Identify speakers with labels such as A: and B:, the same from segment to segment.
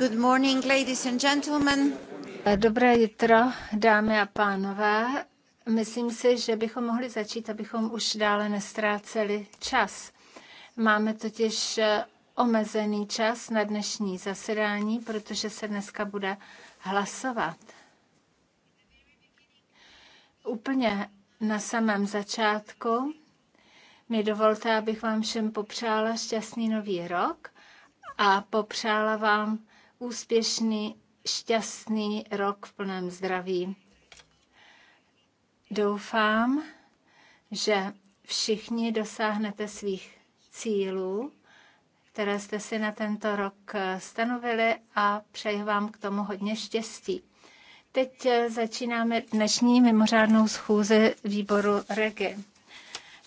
A: Good morning, ladies and gentlemen. Eh, Dobré jitro, dámy a pánové. Myslím si, že bychom mohli začít, abychom už dále nestráceli čas. Máme totiž eh, omezený čas na dnešní zasedání, protože se dneska bude hlasovat. Úplně na samém začátku mi dovolte, abych vám všem popřála šťastný nový rok a popřála vám úspěšný, šťastný rok v plném zdraví. Doufám, že všichni dosáhnete svých cílů, které jste si na tento rok eh, stanovili a přeji vám k tomu hodně štěstí. Teď eh, začínáme dnešní mimořádnou schůzi výboru REGI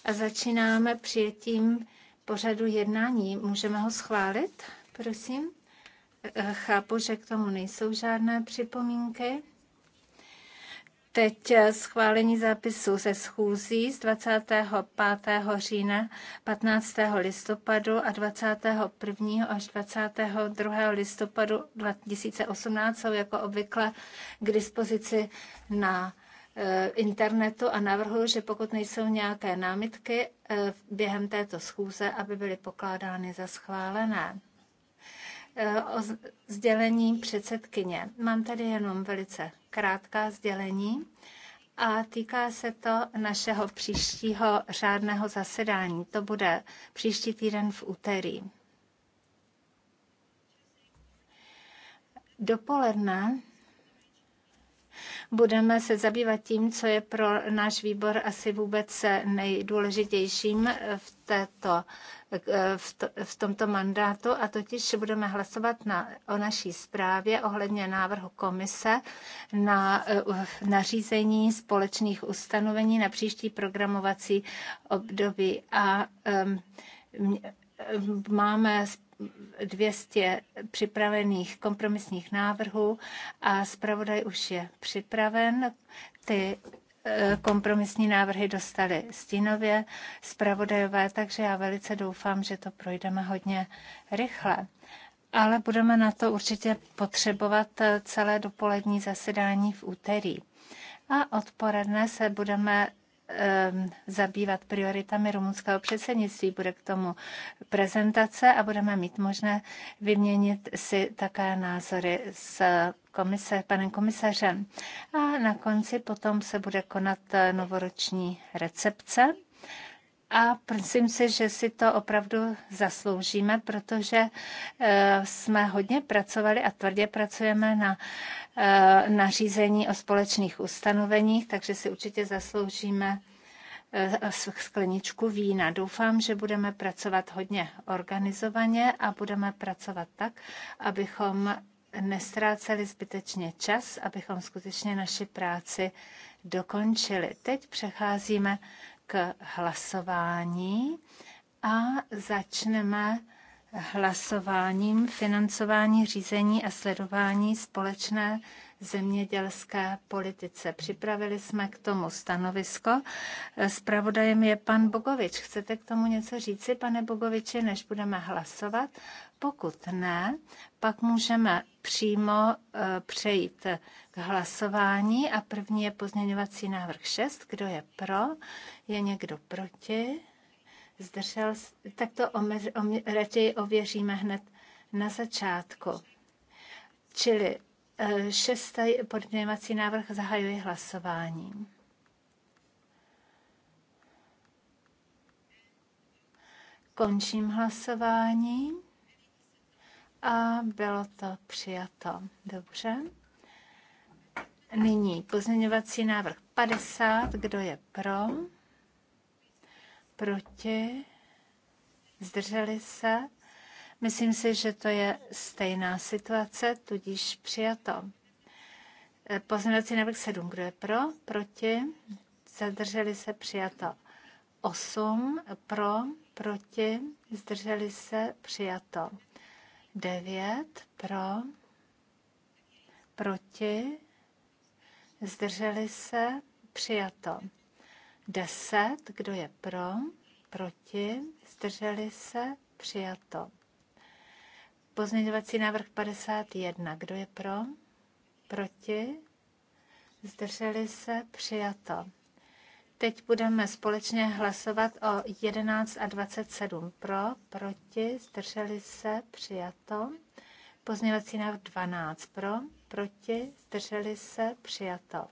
A: a začínáme přijetím pořadu jednání. Můžeme ho schválit, prosím? Chápu, že k tomu nejsou žádné připomínky. Teď schválení zápisu ze schůzí z 25. října, 15. listopadu a 21. až 22. listopadu 2018 jsou jako obvykle k dispozici na e, internetu a navrhuji, že pokud nejsou nějaké námitky e, během této schůze, aby byly pokládány za schválené. Eh, o sdělení předsedkyně. Mám tady jenom velice krátká sdělení a týká se to našeho příštího řádného zasedání. To bude příští týden v úterý. Dopoledne budeme se zabývat tím, co je pro náš výbor asi vůbec nejdůležitějším v této Eh, v, to, v tomto mandátu a totiž budeme hlasovat na, o naší zprávě ohledně návrhu komise na eh, nařízení společných ustanovení na příští programovací období. A um, máme dvěstě připravených kompromisních návrhů a zpravodaj už je připraven ty Eh, kompromisní návrhy dostali stínově zpravodajové, takže já velice doufám, že to projdeme hodně rychle. Ale budeme na to určitě potřebovat eh, celé dopolední zasedání v úterý. A odpoledne se budeme Ehm, zabývat prioritami rumunského předsednictví. Bude k tomu prezentace a budeme mít možné vyměnit si také názory s komise, panem komisařem. A na konci potom se bude konat novoroční recepce a myslím si, že si to opravdu zasloužíme, protože eh, jsme hodně pracovali a tvrdě pracujeme na eh, nařízení o společných ustanoveních, takže si určitě zasloužíme eh, skleničku vína. Doufám, že budeme pracovat hodně organizovaně a budeme pracovat tak, abychom nestráceli zbytečně čas, abychom skutečně naši práci dokončili. Teď přecházíme k hlasování a začneme hlasováním financování, řízení a sledování společné zemědělské politice. Připravili jsme k tomu stanovisko. Spravodajem je pan Bogovič. Chcete k tomu něco říci, pane Bogoviči, než budeme hlasovat? Pokud ne, pak můžeme přímo eh, přejít k hlasování a první je pozměňovací návrh 6. Kdo je pro? Je někdo proti? Zdržel? Tak to omeř, om, raději ověříme hned na začátku. Čili eh, šestý pozměňovací návrh zahajuje hlasování. Končím hlasování a bylo to přijato. Dobře. Nyní pozměňovací návrh 50. Kdo je pro? Proti? Zdrželi se? Myslím si, že to je stejná situace, tudíž přijato. Eh, pozměňovací návrh 7. Kdo je pro? Proti? Zdrželi se? Přijato. 8. Pro? Proti? Zdrželi se? Přijato. 9. Pro? Proti? zdrželi se, přijato. deset, kdo je pro, proti, zdrželi se, přijato. Pozměňovací návrh 51, kdo je pro, proti, zdrželi se, přijato. Teď budeme společně hlasovat o 11 a 27 pro, proti, zdrželi se, přijato. Pozměňovací návrh 12 pro, proti, zdrželi se, přijato.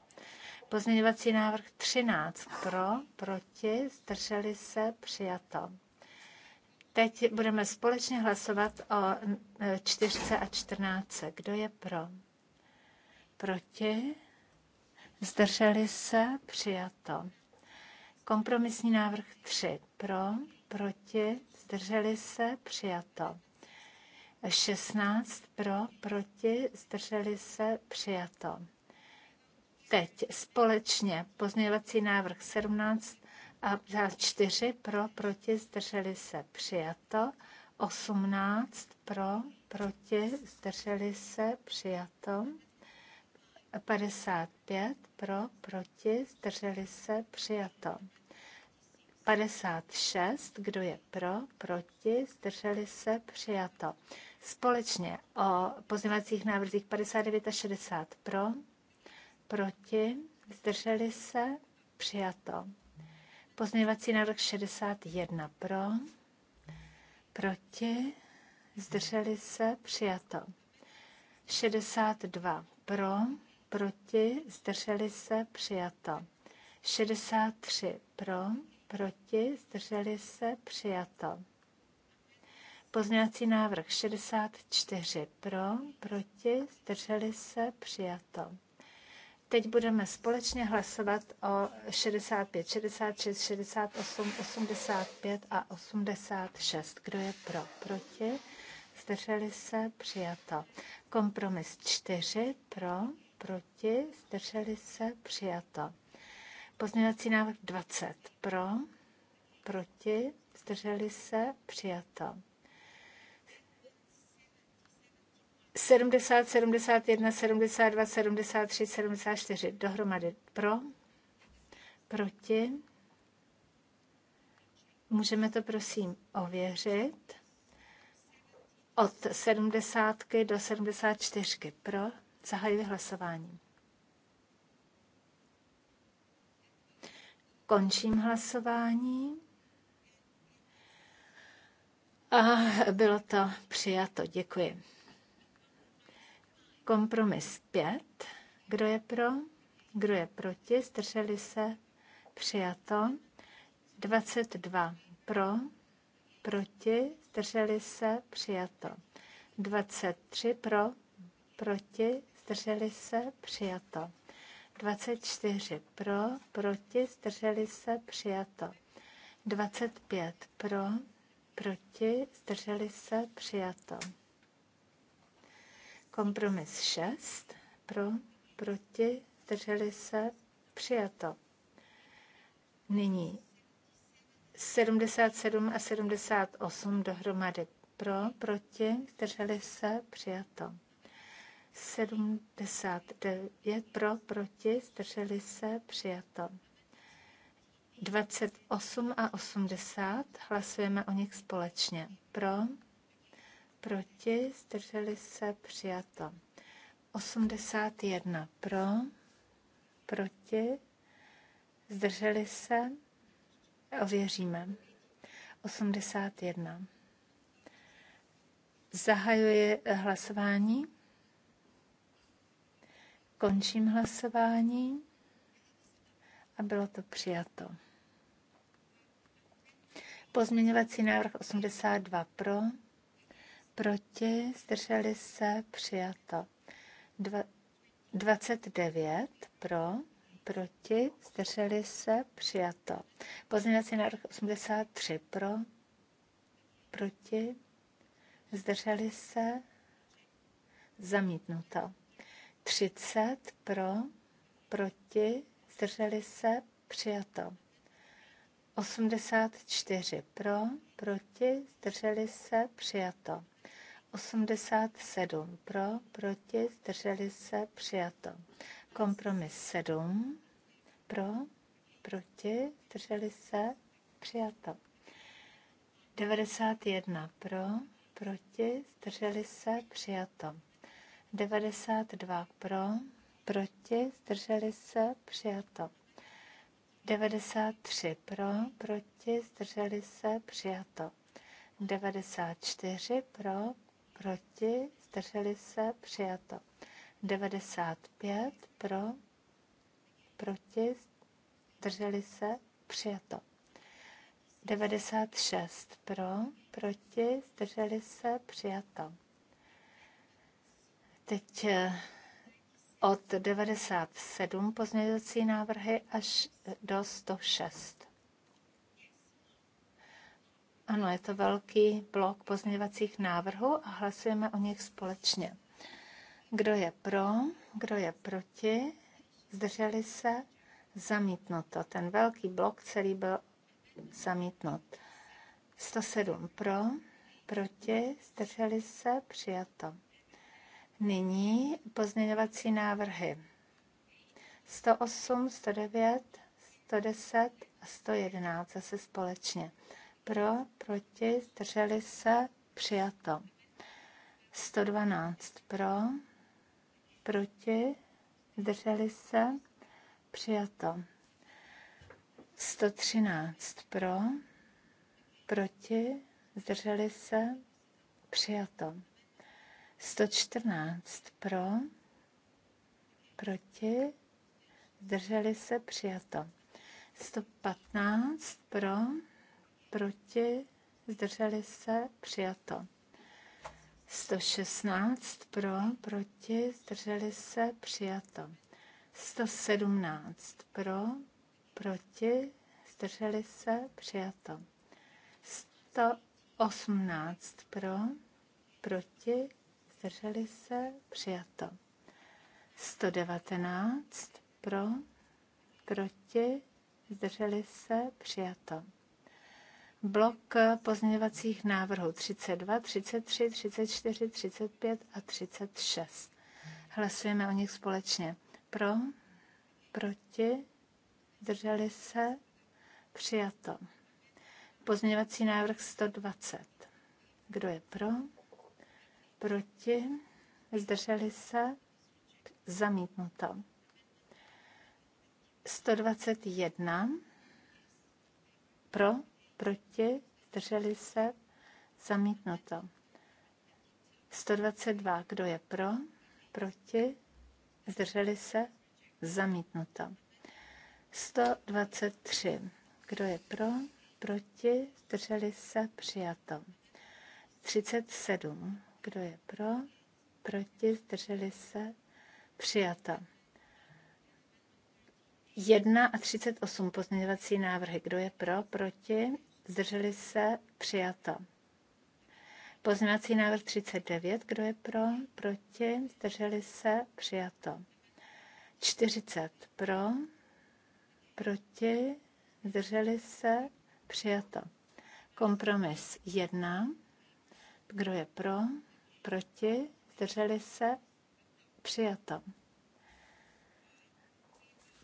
A: Pozměňovací návrh 13 pro, proti, zdrželi se, přijato. Teď budeme společně hlasovat o čtyřce a čtrnáctce. Kdo je pro? Proti? Zdrželi se? Přijato. Kompromisní návrh 3. Pro? Proti? Zdrželi se? Přijato. 16 pro, proti, zdrželi se, přijato. Teď společně pozměňovací návrh 17 a 4 pro, proti, zdrželi se, přijato. 18 pro, proti, zdrželi se, přijato. 55 pro, proti, zdrželi se, přijato. 56, kdo je pro, proti, zdrželi se, přijato společně o pozměvacích návrzích 59 a 60 pro, proti, zdrželi se, přijato. Pozměvací návrh 61 pro, proti, zdrželi se, přijato. 62 pro, proti, zdrželi se, přijato. 63 pro, proti, zdrželi se, přijato. Pozměňovací návrh 64 pro, proti, zdrželi se, přijato. Teď budeme společně hlasovat o 65, 66, 68, 85 a 86. Kdo je pro, proti, zdrželi se, přijato. Kompromis 4 pro, proti, zdrželi se, přijato. Pozměňovací návrh 20 pro, proti, zdrželi se, přijato. 70, 71, 72, 73, 74 dohromady pro, proti. Můžeme to prosím ověřit. Od 70 do 74 pro zahajuji hlasování. Končím hlasování. A bylo to přijato. Děkuji. Kompromis 5. Kdo je pro? Kdo je proti? Zdrželi se? Přijato. 22 pro, proti, zdrželi se, přijato. 23 pro, proti, zdrželi se, přijato. 24 pro, proti, zdrželi se, přijato. 25 pro, proti, zdrželi se, přijato. Kompromis 6 pro, proti, drželi se, přijato. Nyní 77 a 78 dohromady pro, proti, drželi se, přijato. 79 pro, proti, zdrželi se, přijato. 28 a 80, hlasujeme o nich společně. Pro, proti, zdrželi se, přijato. 81 pro, proti, zdrželi se, ověříme. 81. Zahajuji hlasování. Končím hlasování a bylo to přijato. Pozměňovací návrh 82 pro, proti, zdrželi se, přijato. Dva, 29 pro, proti, zdrželi se, přijato. Pozměňovací návrh 83 pro, proti, zdrželi se, zamítnuto. 30 pro, proti, zdrželi se, přijato. 84 pro, proti, zdrželi se, přijato. 87 pro, proti, zdrželi se, přijato. Kompromis 7 pro, proti, zdrželi se, přijato. 91 pro, proti, zdrželi se, přijato. 92 pro, proti, zdrželi se, přijato. 93 pro, proti, zdrželi se, přijato. 94 pro, proti, zdrželi se, přijato. 95 pro, proti, zdrželi se, přijato. 96 pro, proti, zdrželi se, přijato. Teď eh, od 97 pozměňovací návrhy až do 106. Ano, je to velký blok pozměňovacích návrhů a hlasujeme o nich společně. Kdo je pro, kdo je proti, zdrželi se, zamítnuto. Ten velký blok celý byl zamítnut. 107 pro, proti, zdrželi se, přijato. Nyní pozměňovací návrhy. 108, 109, 110 a 111 zase společně pro, proti, zdrželi se, přijato. 112 pro, proti, zdrželi se, přijato. 113 pro, proti, zdrželi se, přijato. 114 pro, proti, zdrželi se, přijato. 115 pro, proti, zdrželi se, přijato. 116 pro, proti, zdrželi se, přijato. 117 pro, proti, zdrželi se, přijato. 118 pro, proti, zdrželi se, přijato. 119 pro, proti, zdrželi se, přijato blok pozměňovacích návrhů 32, 33, 34, 35 a 36. Hlasujeme o nich společně. Pro, proti, drželi se, přijato. Pozměňovací návrh 120. Kdo je pro? Proti? Zdrželi se? Zamítnuto. 121. Pro? proti, zdrželi se, zamítnuto. 122, kdo je pro, proti, zdrželi se, zamítnuto. 123, kdo je pro, proti, zdrželi se, přijato. 37, kdo je pro, proti, zdrželi se, přijato. 1 a 38 pozměňovací návrhy. Kdo je pro, proti, zdrželi se, přijata. Pozměňovací návrh 39, kdo je pro, proti, zdrželi se, přijato. 40 pro, proti, zdrželi se, přijato. Kompromis 1, kdo je pro, proti, zdrželi se, přijato.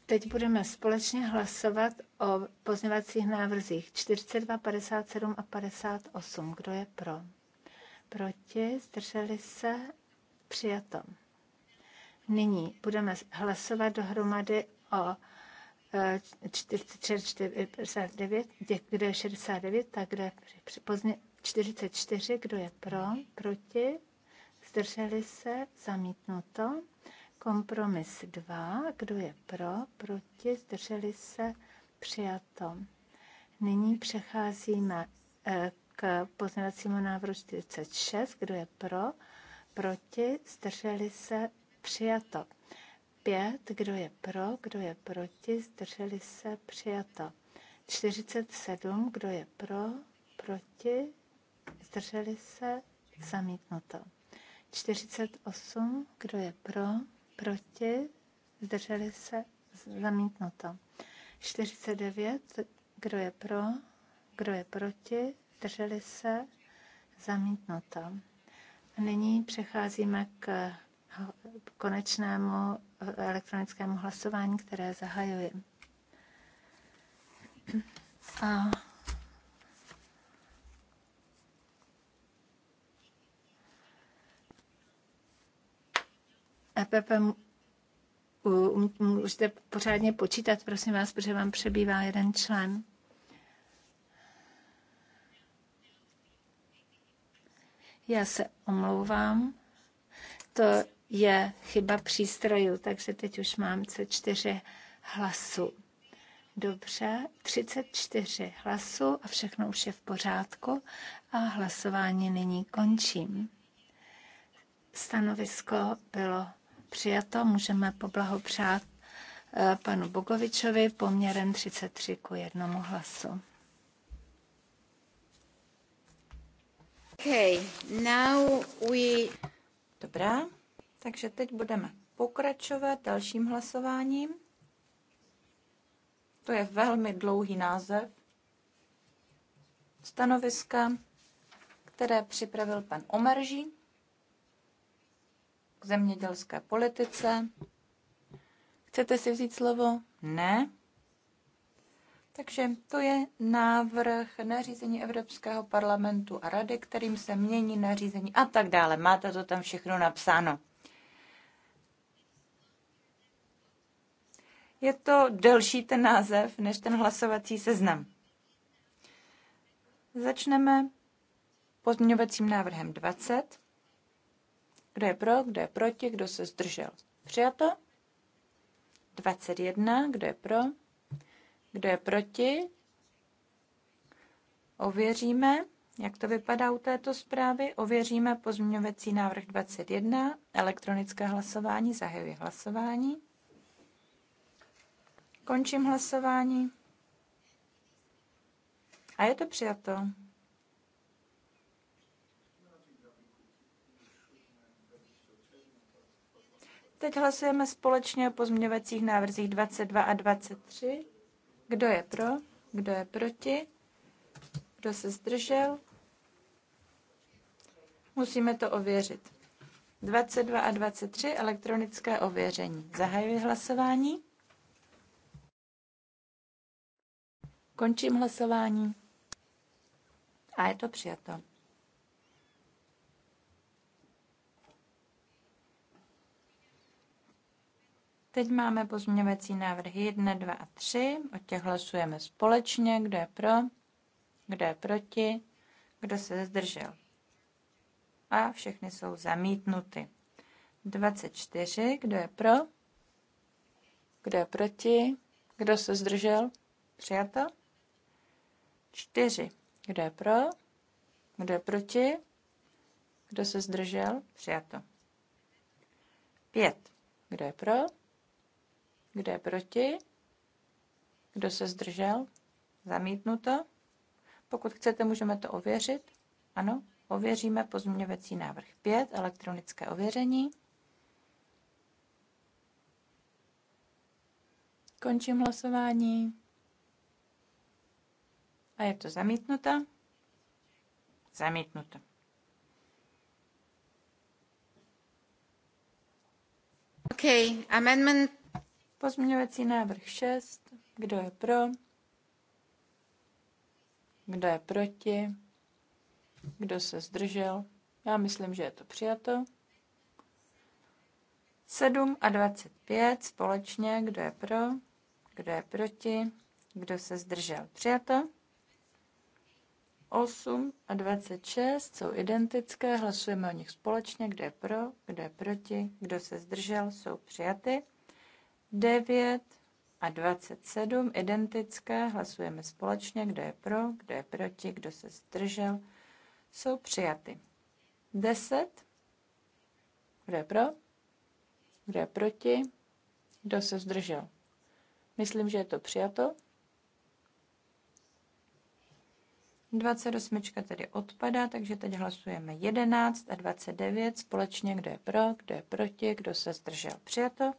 A: Teď budeme společně hlasovat o pozměvacích návrzích 42, 57 a 58. Kdo je pro? Proti? Zdrželi se? Přijato. Nyní budeme hlasovat dohromady o 49, e, kdo je 69, tak kdo je pozdě, 44, kdo je pro, proti, zdrželi se, zamítnuto. Kompromis 2. Kdo je pro? Proti? Zdrželi se? Přijato. Nyní přecházíme eh, k pozměňovacímu návrhu 46. Kdo je pro? Proti? Zdrželi se? Přijato. 5. Kdo je pro? Kdo je proti? Zdrželi se? Přijato. 47. Kdo je pro? Proti? Zdrželi se? Zamítnuto. 48. Kdo je pro? proti, zdrželi se, zamítnuto. 49, kdo je pro, kdo je proti, zdrželi se, zamítnuto. Nyní přecházíme k konečnému eh, elektronickému hlasování, které zahajuji. A můžete pořádně počítat, prosím vás, protože vám přebývá jeden člen. Já se omlouvám. To je chyba přístrojů, takže teď už mám C4 hlasu. Dobře, 34 hlasů a všechno už je v pořádku a hlasování nyní končím. Stanovisko bylo Přijato, můžeme poblahopřát eh, panu Bogovičovi poměrem 33 ku jednomu hlasu. Okay, now we... Dobrá,
B: takže teď budeme pokračovat dalším hlasováním. To je velmi dlouhý název stanoviska, které připravil pan Omerží k zemědělské politice. Chcete si vzít slovo? Ne. Takže to je návrh nařízení Evropského parlamentu a rady, kterým se mění nařízení a tak dále. Máte to tam všechno napsáno. Je to delší ten název než ten hlasovací seznam. Začneme pozměňovacím návrhem 20. Kdo je pro, kdo je proti, kdo se zdržel? Přijato. 21. Kdo je pro, kdo je proti? Ověříme, jak to vypadá u této zprávy. Ověříme pozměňovací návrh 21. Elektronické hlasování. Zahajuji hlasování. Končím hlasování. A je to přijato. Teď hlasujeme společně o pozměňovacích návrzích 22 a 23. Kdo je pro? Kdo je proti? Kdo se zdržel? Musíme to ověřit. 22 a 23 elektronické ověření. Zahajuji hlasování. Končím hlasování. A je to přijato. Teď máme pozměňovací návrhy 1, 2 a 3. O těch hlasujeme společně. Kdo je pro? Kdo je proti? Kdo se zdržel? A všechny jsou zamítnuty. 24. Kdo je pro? Kdo je proti? Kdo se zdržel? Přijato? 4. Kdo je pro? Kdo je proti? Kdo se zdržel? Přijato. 5. Kdo je pro? Kdo je proti? Kdo se zdržel? Zamítnuto. Pokud chcete, můžeme to ověřit. Ano, ověříme pozměňovací návrh 5, elektronické ověření. Končím hlasování. A je to zamítnuto? Zamítnuto. Okay, amendment Pozměňovací návrh 6. Kdo je pro? Kdo je proti? Kdo se zdržel? Já myslím, že je to přijato. 7 a 25 společně. Kdo je pro? Kdo je proti? Kdo se zdržel? Přijato. 8 a 26 jsou identické, hlasujeme o nich společně, kdo je pro, kdo je proti, kdo se zdržel, jsou přijaty. 9 a 27 identické, hlasujeme společně, kdo je pro, kdo je proti, kdo se zdržel, jsou přijaty. 10, kdo je pro, kdo je proti, kdo se zdržel. Myslím, že je to přijato. 28 tedy odpadá, takže teď hlasujeme 11 a 29 společně, kdo je pro, kdo je proti, kdo se zdržel. Přijato.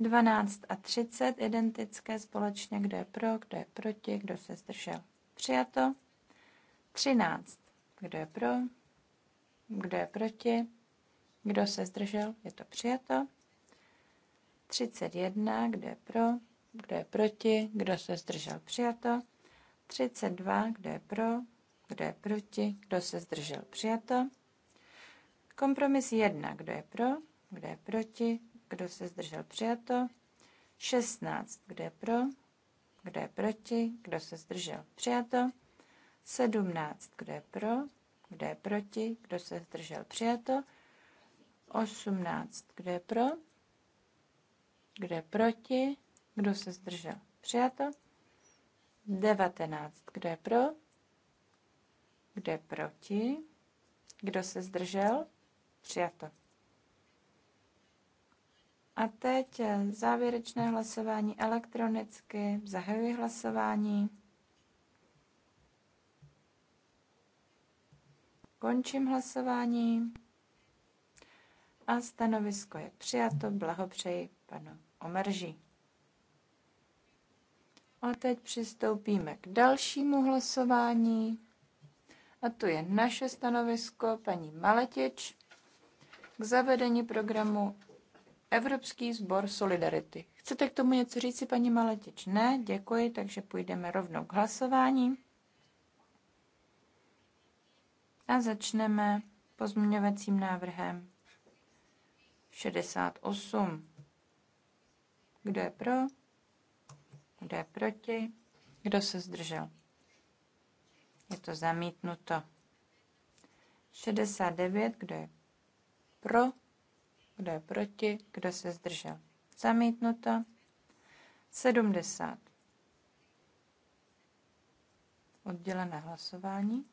B: 12 a 30 identické společně, kdo je pro, kdo je proti, kdo se zdržel. Přijato. 13. Kdo je pro, kdo je proti, kdo se zdržel, je to přijato. 31. Kdo je pro, kdo je proti, kdo se zdržel, přijato. 32. Kdo je pro, kdo je proti, kdo se zdržel, přijato. Kompromis 1. Kdo je pro, kdo je proti, kdo se zdržel přijato, 16, kdo je pro, kdo je proti, kdo se zdržel přijato, 17, kdo je pro, kdo je proti, kdo se zdržel přijato, 18, kdo je pro, kdo je proti, kdo se zdržel přijato, 19, kdo je pro, kdo je proti, kdo se zdržel přijato. A teď eh, závěrečné hlasování elektronicky. Zahajuji hlasování. Končím hlasování. A stanovisko je přijato. Blahopřeji panu Omerži. A teď přistoupíme k dalšímu hlasování. A to je naše stanovisko paní Maletič k zavedení programu Evropský sbor Solidarity. Chcete k tomu něco říci, paní Maletič? Ne, děkuji, takže půjdeme rovnou k hlasování. A začneme pozměňovacím návrhem 68. Kdo je pro? Kdo je proti? Kdo se zdržel? Je to zamítnuto. 69. Kdo je pro? kdo je proti, kdo se zdržel. Zamítnuto. 70. Oddělené hlasování.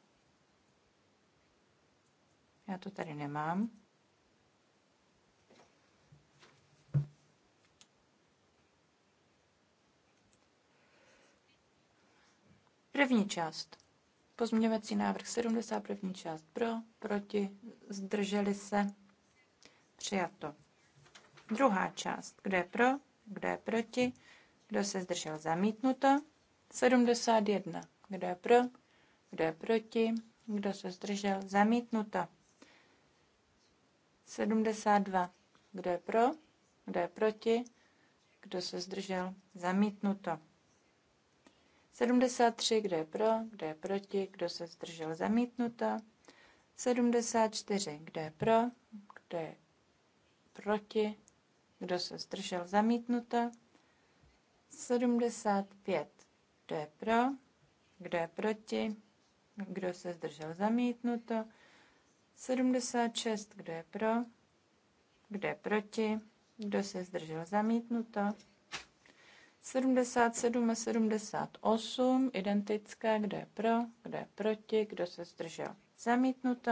B: Já to tady nemám. První část. Pozměňovací návrh 70, první část pro, proti, zdrželi se, Přijato. Druhá část. Kdo je pro? Kdo je proti? Kdo se zdržel? Zamítnuto. 71. Kdo je pro? Kdo je proti? Kdo se zdržel? Zamítnuto. 72. Kdo je pro? Kdo je proti? Kdo se zdržel? Zamítnuto. 73. Kdo je pro? Kdo je proti? Kdo se zdržel? Zamítnuto. 74. Kdo je pro? Kdo je proti, kdo se zdržel zamítnuto, 75, kdo je pro, kdo je proti, kdo se zdržel zamítnuto, 76, kdo je pro, kdo je proti, kdo se zdržel zamítnuto, 77 a 78, identické, kdo je pro, kdo je proti, kdo se zdržel zamítnuto,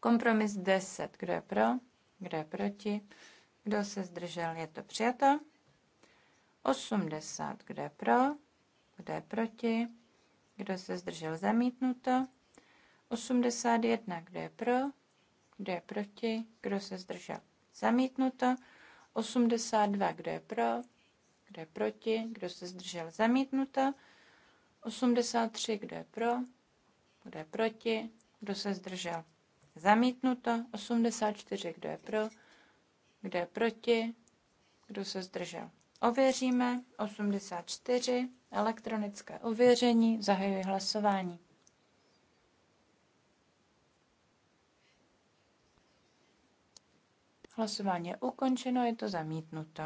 B: kompromis 10, kdo je pro, kdo je proti, kdo se zdržel, je to přijato. 80, kdo je pro, kdo je proti, kdo se zdržel, zamítnuto. 81, kdo je pro, kdo je proti, kdo se zdržel, zamítnuto. 82, kdo je pro, kdo je proti, kdo se zdržel, zamítnuto. 83, kdo je pro, kdo je proti, kdo se zdržel, Zamítnuto 84. Kdo je pro? Kdo je proti? Kdo se zdržel? Ověříme 84. Elektronické ověření. Zahajuji hlasování. Hlasování je ukončeno, je to zamítnuto.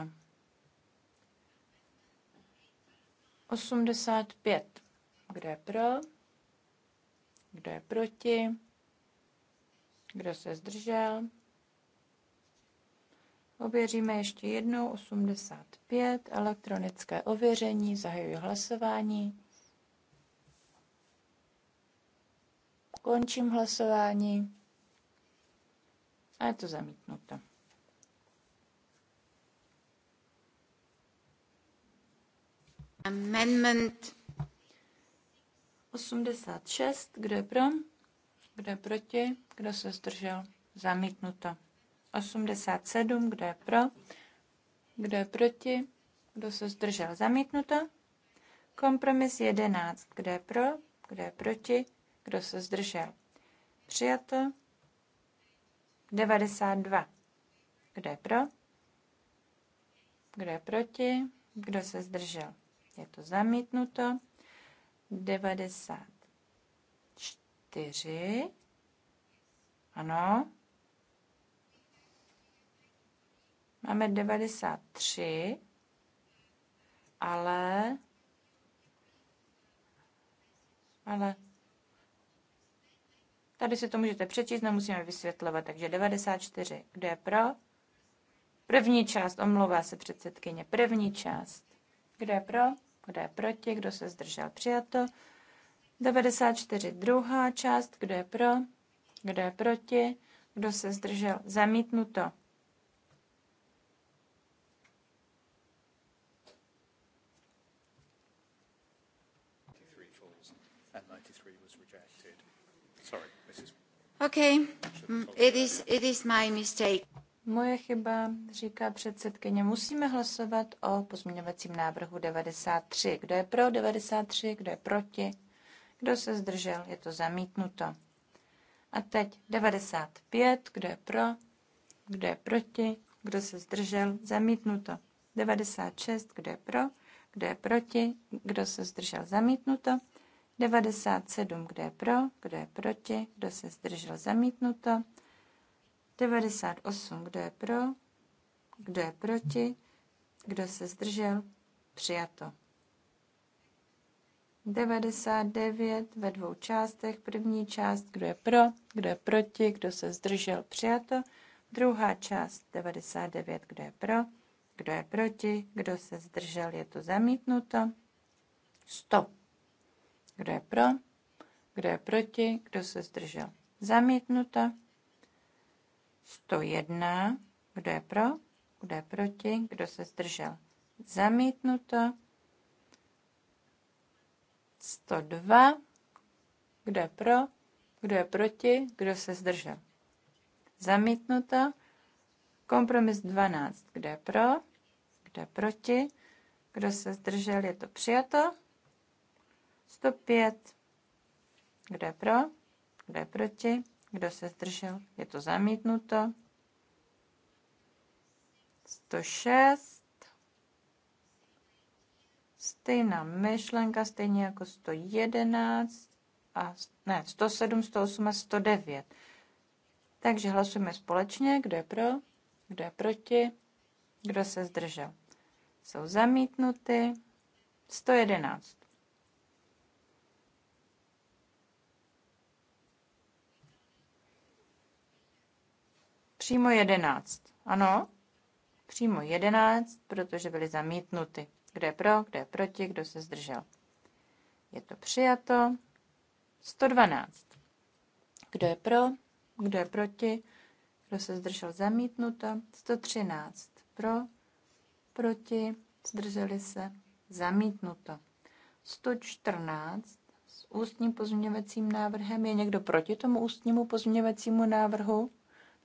B: 85. Kdo je pro? Kdo je proti? Kdo se zdržel? Ověříme ještě jednou 85, elektronické ověření, zahajuji hlasování. Končím hlasování a je to zamítnuto. Amendment 86, kdo je pro? Kdo je proti? Kdo se zdržel? Zamítnuto. 87. Kdo je pro? Kdo je proti? Kdo se zdržel? Zamítnuto. Kompromis 11. Kdo je pro? Kdo je proti? Kdo se zdržel? Přijato. 92. Kdo je pro? Kdo je proti? Kdo se zdržel? Je to zamítnuto. 94. Ano. Máme 93, ale ale tady si to můžete přečíst, nemusíme no vysvětlovat. Takže 94, kdo je pro? První část, omlouvá se předsedkyně, první část. Kdo je pro? Kdo je proti? Kdo se zdržel? Přijato. 94, druhá část, kdo je pro? Kdo je proti? Kdo se zdržel? Zamítnuto.
A: Okay, mm, it is, it is my mistake.
B: Moje chyba, říká předsedkyně. Musíme hlasovat o pozměňovacím návrhu 93. Kdo je pro 93, kdo je proti, kdo se zdržel, je to zamítnuto. A teď 95, kdo je pro, kdo je proti, kdo se zdržel, zamítnuto. 96, kdo je pro, kdo je proti, kdo se zdržel, zamítnuto. 97, kdo je pro, kdo je proti, kdo se zdržel, zamítnuto. 98, kdo je pro, kdo je proti, kdo se zdržel, přijato. 99 ve dvou částech. První část, kdo je pro, kdo je proti, kdo se zdržel, přijato. Druhá část 99, kdo je pro, kdo je proti, kdo se zdržel, je to zamítnuto. 100. Kdo je pro, kdo je proti, kdo se zdržel, zamítnuto. 101. Kdo je pro, kdo je proti, kdo se zdržel, zamítnuto. 102. Kdo je pro? Kdo je proti? Kdo se zdržel? Zamítnuto. Kompromis 12. Kdo je pro? Kdo je proti? Kdo se zdržel? Je to přijato. 105. Kdo je pro? Kdo je proti? Kdo se zdržel? Je to zamítnuto. 106. Stejná myšlenka, stejně jako 111 a ne, 107, 108 a 109. Takže hlasujeme společně, kdo je pro, kdo je proti, kdo se zdržel. Jsou zamítnuty. 111. Přímo 11. Ano, přímo 11, protože byly zamítnuty. Kdo je pro, kdo je proti, kdo se zdržel. Je to přijato. 112. Kdo je pro, kdo je proti, kdo se zdržel zamítnuto. 113. Pro, proti, zdrželi se zamítnuto. 114 s ústním pozměňovacím návrhem. Je někdo proti tomu ústnímu pozměňovacímu návrhu?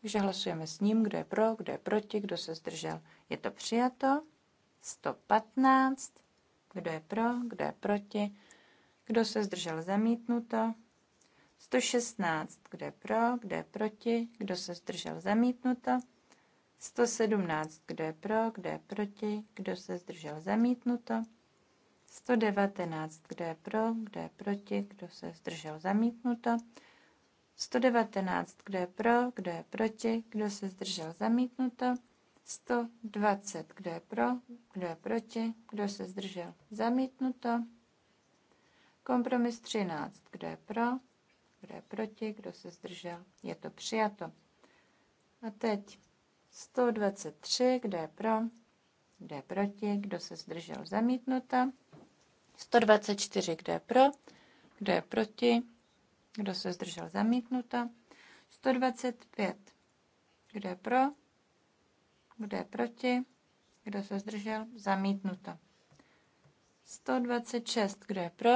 B: Takže hlasujeme s ním, kdo je pro, kdo je proti, kdo se zdržel. Je to přijato. 115. Kdo je pro, kdo je proti, kdo se zdržel zamítnuto. 116. Kdo je pro, kdo je proti, kdo se zdržel zamítnuto. 117. Kdo je pro, kdo je proti, kdo se zdržel zamítnuto. 119. Kdo je pro, kdo je proti, kdo se zdržel zamítnuto. 119. Kdo je pro, kdo je proti, kdo se zdržel zamítnuto. 120. Kdo je pro? Kdo je proti? Kdo se zdržel? Zamítnuto. Kompromis 13. Kdo je pro? Kdo je proti? Kdo se zdržel? Je to přijato. A teď 123. Kdo je pro? Kdo je proti? Kdo se zdržel? Zamítnuto. 124. Kdo je pro? Kdo je proti? Kdo se zdržel? Zamítnuto. 125. Kdo je pro? Kdo je proti? Kdo se zdržel? Zamítnuto. 126. Kdo je pro?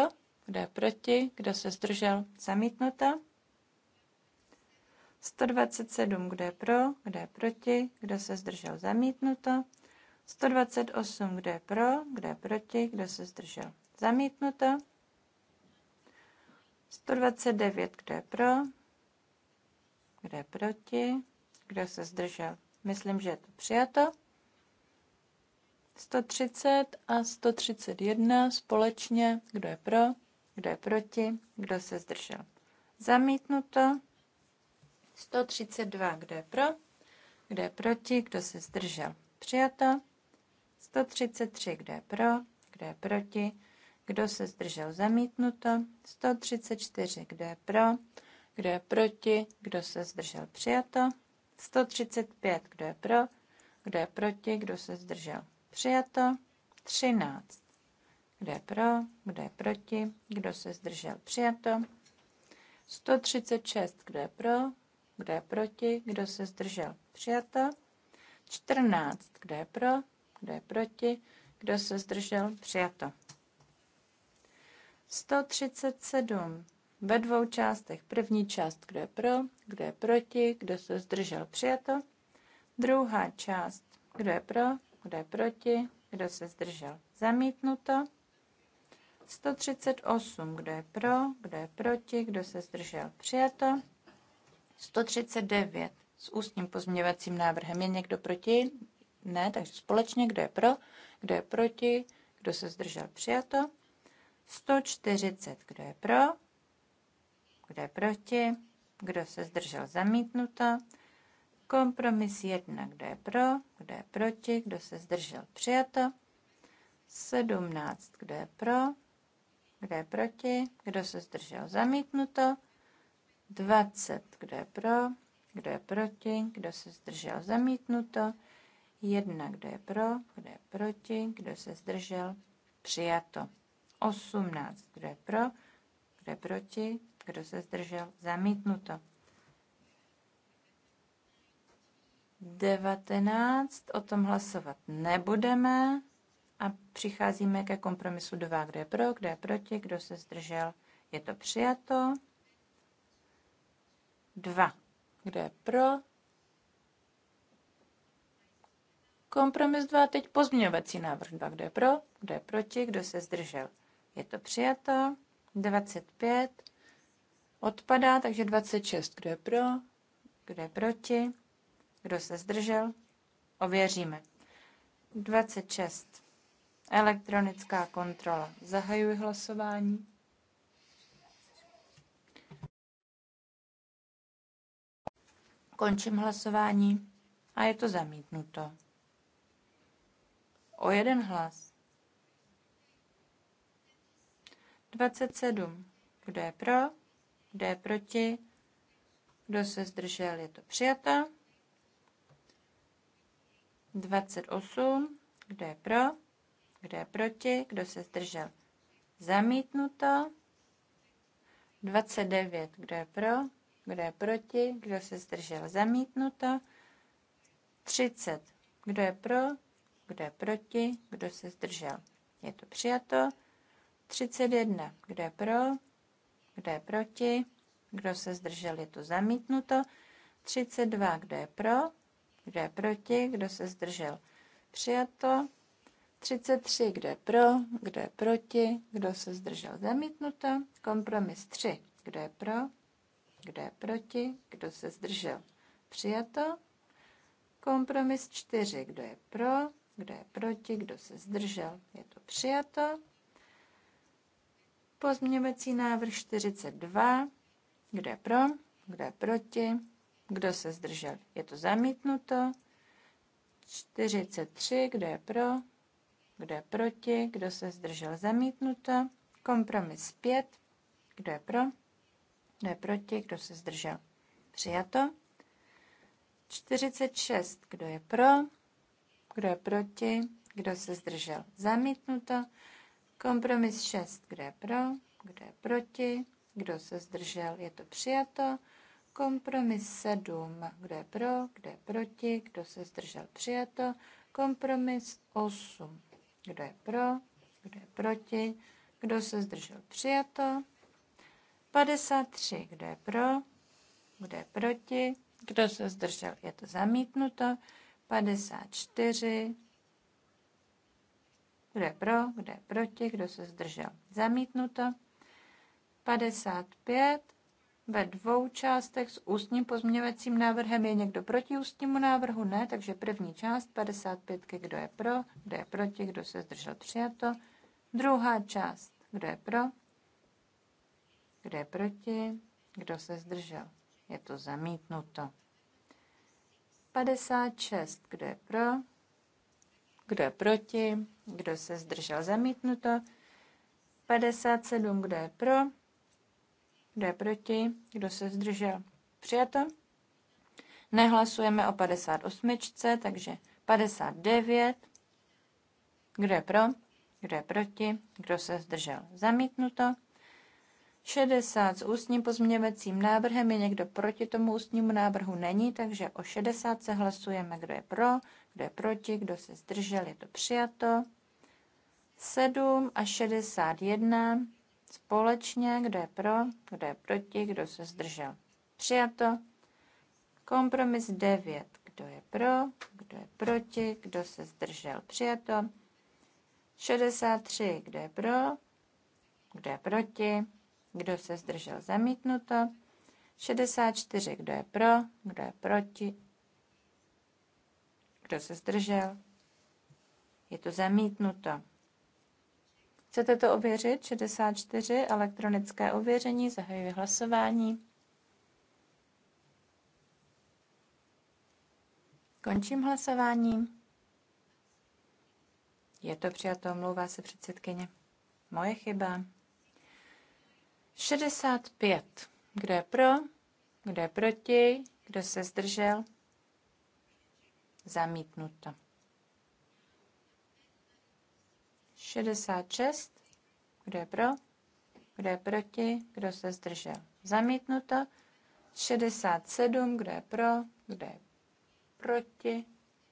B: Kdo je proti? Kdo se zdržel? Zamítnuto. 127. Kdo je pro? Kdo je proti? Kdo se zdržel? Zamítnuto. 128. Kdo je pro? Kdo je proti? Kdo se zdržel? Zamítnuto. 129. Kdo je pro? Kdo je proti? Kdo se zdržel? Myslím, že je to přijato. 130 a 131 společně. Kdo je pro? Kdo je proti? Kdo se zdržel? Zamítnuto. 132. Kdo je pro? Kdo je proti? Kdo se zdržel? Přijato. 133. Kdo je pro? Kdo je proti? Kdo se zdržel? Zamítnuto. 134. Kdo je pro? Kdo je proti? Kdo se zdržel? Přijato. 135, kdo je pro, kdo je proti, kdo se zdržel. Přijato 13, kdo je pro, kdo je proti, kdo se zdržel. Přijato 136, kdo je pro, kdo je proti, kdo se zdržel. Přijato 14, kdo je pro, kdo je proti, kdo se zdržel. Přijato 137, ve dvou částech. První část, kdo je pro, kdo je proti, kdo se zdržel, přijato. Druhá část, kdo je pro, kdo je proti, kdo se zdržel, zamítnuto. 138, kdo je pro, kdo je proti, kdo se zdržel, přijato. 139 s ústním pozměňovacím návrhem. Je někdo proti? Ne, takže společně, kdo je pro, kdo je proti, kdo se zdržel, přijato. 140, kdo je pro, kdo je proti? Kdo se zdržel? Zamítnuto. Kompromis 1. Kdo je pro? Kdo je proti? Kdo se zdržel? Přijato. 17. Kdo je pro? Kdo je proti? Kdo se zdržel? Zamítnuto. 20. Kdo je pro? Kdo je proti? Kdo se zdržel? Zamítnuto. 1. Kdo je pro? Kdo je proti? Kdo se zdržel? Přijato. 18. Kdo je pro? Kdo je proti? Kdo se zdržel? Zamítnuto. 19. O tom hlasovat nebudeme. A přicházíme ke kompromisu 2. Kdo je pro, kdo je proti, kdo se zdržel? Je to přijato. 2. Kdo je pro? Kompromis 2, teď pozměňovací návrh 2. Kdo je pro, kdo je proti, kdo se zdržel? Je to přijato. 25 odpadá, takže 26. Kdo je pro? Kdo je proti? Kdo se zdržel? Ověříme. 26. Elektronická kontrola. Zahajuji hlasování. Končím hlasování a je to zamítnuto. O jeden hlas. 27. Kdo je pro? Kdo je proti? Kdo se zdržel? Je to přijata. 28. Kdo je pro? Kdo je proti? Kdo se zdržel? Zamítnuto. 29. Kdo je pro? Kdo je proti? Kdo se zdržel? Zamítnuto. 30. Kdo je pro? Kdo je proti? Kdo se zdržel? Je to přijato. 31. Kdo je pro? kdo je proti, kdo se zdržel, je to zamítnuto. 32, kdo je pro, kdo je proti, kdo se zdržel, přijato. 33, kdo je pro, kdo je proti, kdo se zdržel, zamítnuto. Kompromis 3, kdo je pro, kdo je proti, kdo se zdržel, přijato. Kompromis 4, kdo je pro, kdo je proti, kdo se zdržel, je to přijato. Pozměňovací návrh 42. Kdo je pro? Kdo je proti? Kdo se zdržel? Je to zamítnuto. 43. Kdo je pro? Kdo je proti? Kdo se zdržel? Zamítnuto. Kompromis 5. Kdo je pro? Kdo je proti? Kdo se zdržel? Přijato. 46. Kdo je pro? Kdo je proti? Kdo se zdržel? Zamítnuto. Kompromis 6, kdo je pro, kdo je proti, kdo se zdržel, je to přijato. Kompromis 7, kdo je pro, kdo je proti, kdo se zdržel, přijato. Kompromis 8, kdo je pro, kdo je proti, kdo se zdržel, přijato. 53, kdo je pro, kdo je proti, kdo se zdržel, je to zamítnuto. 54, kdo je pro, kdo je proti, kdo se zdržel? Zamítnuto. 55 ve dvou částech s ústním pozměňovacím návrhem. Je někdo proti ústnímu návrhu? Ne, takže první část 55, kdo je pro, kdo je proti, kdo se zdržel přijato. Druhá část, kdo je pro, kdo je proti, kdo se zdržel. Je to zamítnuto. 56, kdo je pro, kdo je proti, kdo se zdržel zamítnuto, 57, kdo je pro, kdo je proti, kdo se zdržel přijato. Nehlasujeme o 58, takže 59, kdo je pro, kdo je proti, kdo se zdržel zamítnuto. 60 s ústním pozměňovacím návrhem. Je někdo proti tomu ústnímu návrhu? Není, takže o 60 se hlasujeme, kdo je pro, kdo je proti, kdo se zdržel, je to přijato. 7 a 61 společně, kdo je pro, kdo je proti, kdo se zdržel. Přijato. Kompromis 9. Kdo je pro, kdo je proti, kdo se zdržel. Přijato. 63. Kdo je pro, kdo je proti, kdo se zdržel? Zamítnuto. 64. Kdo je pro? Kdo je proti? Kdo se zdržel? Je to zamítnuto. Chcete to ověřit? 64. Elektronické ověření. Zahajuji hlasování. Končím hlasování. Je to přijato, omlouvá se předsedkyně. Moje chyba. 65. Kdo je pro? Kdo je proti? Kdo se zdržel? Zamítnuto. 66. Kdo je pro? Kdo je proti? Kdo se zdržel? Zamítnuto. 67. Kdo je pro? Kdo je proti?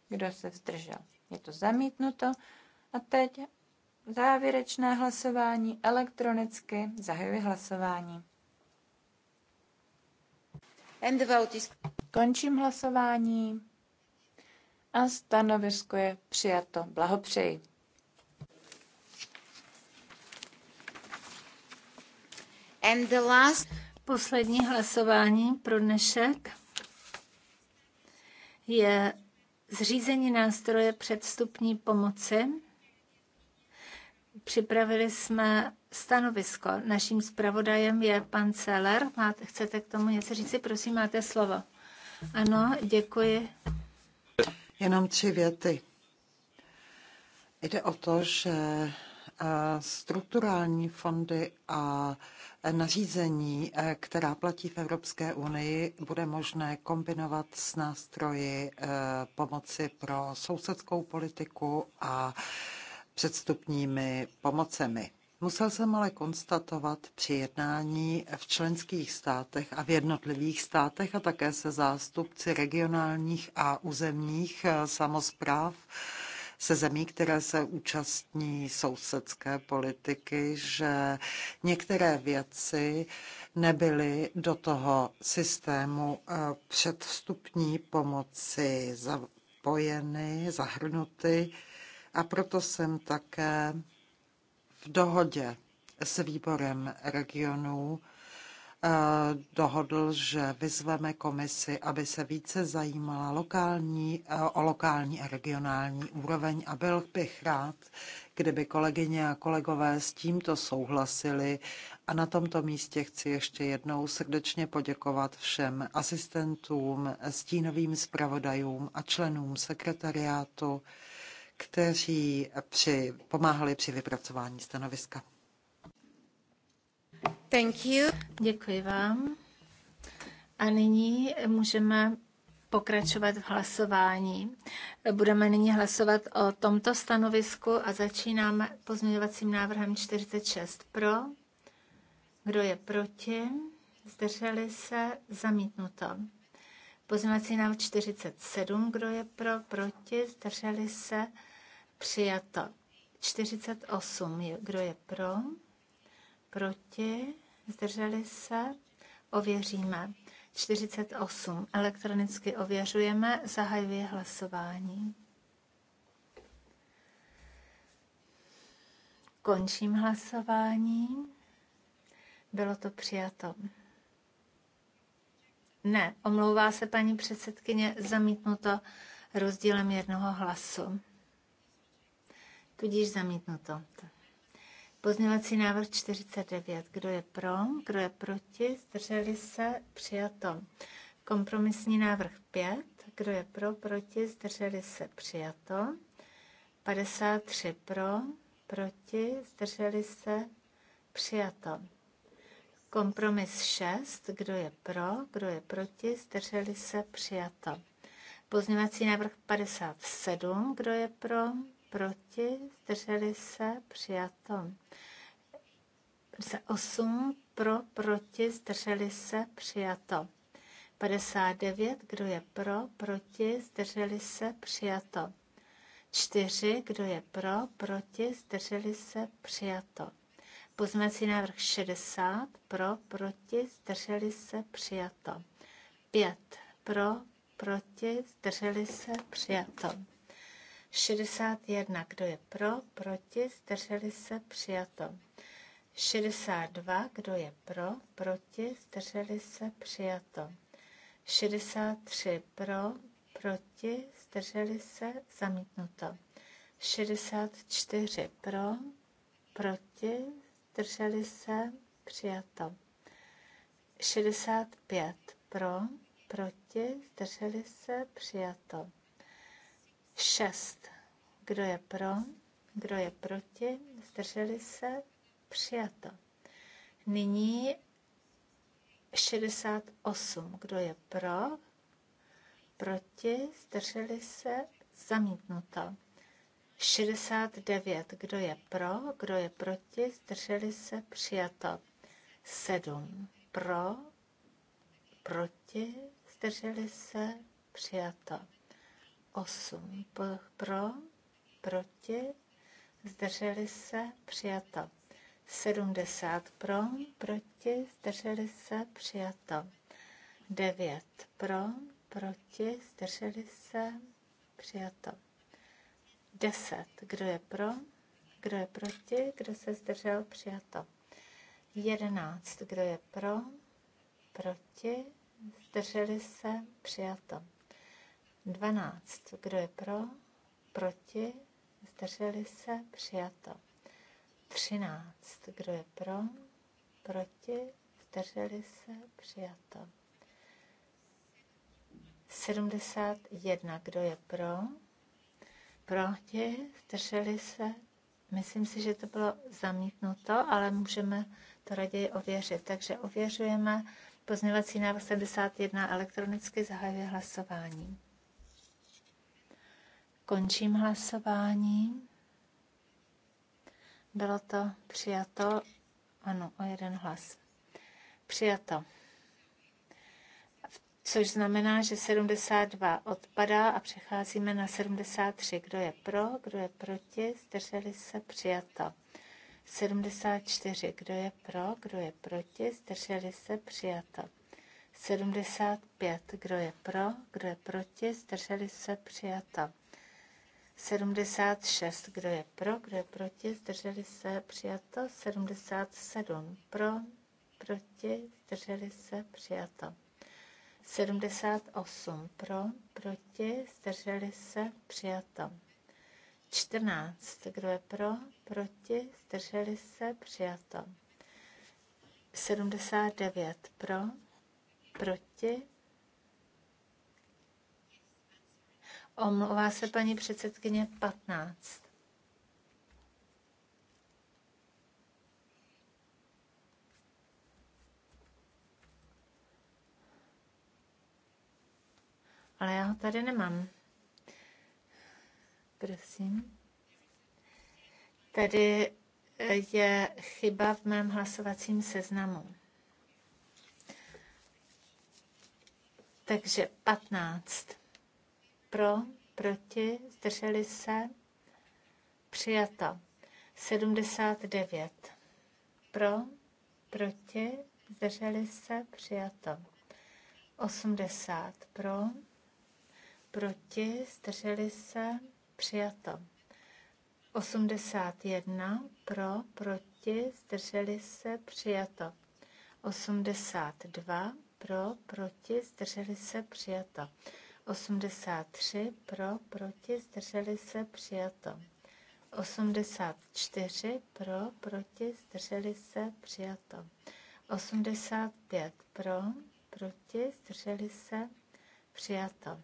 B: Kdo se zdržel? Je to zamítnuto. A teď Závěrečné hlasování elektronicky. Zahajuji hlasování. And the vote is... Končím hlasování a stanovisko je přijato. Blahopřeji.
A: And the last... Poslední hlasování pro dnešek je zřízení nástroje předstupní pomoci Připravili jsme stanovisko. Naším zpravodajem je pan Celer. Máte, chcete k tomu něco říci? Prosím, máte slovo. Ano, děkuji.
C: Jenom tři věty. Jde o to, že eh, strukturální fondy a eh, nařízení, eh, která platí v Evropské unii, bude možné kombinovat s nástroji pomoci pro sousedskou politiku a předstupními pomocemi. Musel jsem ale konstatovat při jednání v členských státech a v jednotlivých státech a také se zástupci regionálních a územních eh, samozpráv se zemí, které se účastní sousedské politiky, že některé věci nebyly do toho systému eh, předvstupní pomoci zapojeny, zahrnuty, a proto jsem také v dohodě s výborem regionů eh, dohodl, že vyzveme komisi, aby se více zajímala lokální, eh, o lokální a regionální úroveň a byl bych rád, kdyby kolegyně a kolegové s tímto souhlasili. A na tomto místě chci ještě jednou srdečně poděkovat všem asistentům, stínovým zpravodajům a členům sekretariátu, kteří při, pomáhali při vypracování stanoviska.
A: Thank you. Děkuji vám. A nyní můžeme pokračovat v hlasování. Budeme nyní hlasovat o tomto stanovisku a začínáme pozměňovacím návrhem 46 pro. Kdo je proti? Zdrželi se? Zamítnuto. Pozměňovací návrh 47. Kdo je pro? Proti? Zdrželi se? Přijato. 48. Kdo je pro? Proti? Zdrželi se? Ověříme. 48. Elektronicky ověřujeme. Zahajuje hlasování. Končím hlasování. Bylo to přijato. Ne, omlouvá se paní předsedkyně, zamítnuto rozdílem jednoho hlasu tudíž zamítnuto. Pozměvací návrh 49. Kdo je pro? Kdo je proti? Zdrželi se? Přijato. Kompromisní návrh 5. Kdo je pro? Proti? Zdrželi se? Přijato. 53 pro, proti, zdrželi se, přijato. Kompromis 6, kdo je pro, kdo je proti, zdrželi se, přijato. Pozměvací návrh 57, kdo je pro, proti, zdrželi se, přijato. 8 pro, proti, zdrželi se, přijato. 59, kdo je pro, proti, zdrželi se, přijato. 4, kdo je pro, proti, zdrželi se, přijato. Pozměnací návrh 60, pro, proti, zdrželi se, přijato. 5, pro, proti, zdrželi se, přijato. 61. Kdo je pro? Proti? Zdrželi se? Přijato. 62. Kdo je pro? Proti? Zdrželi se? Přijato. 63. Pro? Proti? Zdrželi se? Zamítnuto. 64. Pro? Proti? Zdrželi se? Přijato. 65. Pro? Proti? Zdrželi se? Přijato. 6. Kdo je pro? Kdo je proti? Zdrželi se? Přijato. Nyní 68. Kdo je pro? Proti? Zdrželi se? Zamítnuto. 69. Kdo je pro? Kdo je proti? Zdrželi se? Přijato. 7. Pro? Proti? Zdrželi se? Přijato. 8 pro, proti, zdrželi se, přijato. 70 pro, proti, zdrželi se, přijato. 9 pro, proti, zdrželi se, přijato. 10. Kdo je pro? Kdo je proti? Kdo se zdržel? Přijato. 11. Kdo je pro? Proti? Zdrželi se? Přijato. 12. Kdo je pro? Proti? Zdrželi se? Přijato. 13. Kdo je pro? Proti? Zdrželi se? Přijato. 71. Kdo je pro? Proti? Zdrželi se? Myslím si, že to bylo zamítnuto, ale můžeme to raději ověřit. Takže ověřujeme pozměvací návrh 71 elektronicky zahajuje hlasování. Končím hlasování. Bylo to přijato, ano, o jeden hlas. Přijato. Což znamená, že 72 odpadá a přecházíme na 73. Kdo je pro, kdo je proti, zdrželi se, přijato. 74. Kdo je pro, kdo je proti, zdrželi se, přijato. 75. Kdo je pro, kdo je proti, zdrželi se, přijato. 76. Kdo je pro, kdo je proti? Zdrželi se přijato. 77. Pro, proti? Zdrželi se přijato. 78. Pro, proti? Zdrželi se přijato. 14. Kdo je pro, proti? Zdrželi se přijato. 79. Pro, proti? Omlouvá se paní předsedkyně 15. Ale já ho tady nemám. Prosím. Tady eh, je chyba v mém hlasovacím seznamu. Takže 15 pro, proti, zdrželi se, přijato. 79 pro, proti, zdrželi se, přijato. 80 pro, proti, zdrželi se, přijato. 81 pro, proti, zdrželi se, přijato. 82 pro, proti, zdrželi se, přijato. 83 pro, proti, zdrželi se, přijato. 84 pro, proti, zdrželi se, přijato. 85 pro, proti, zdrželi se, přijato.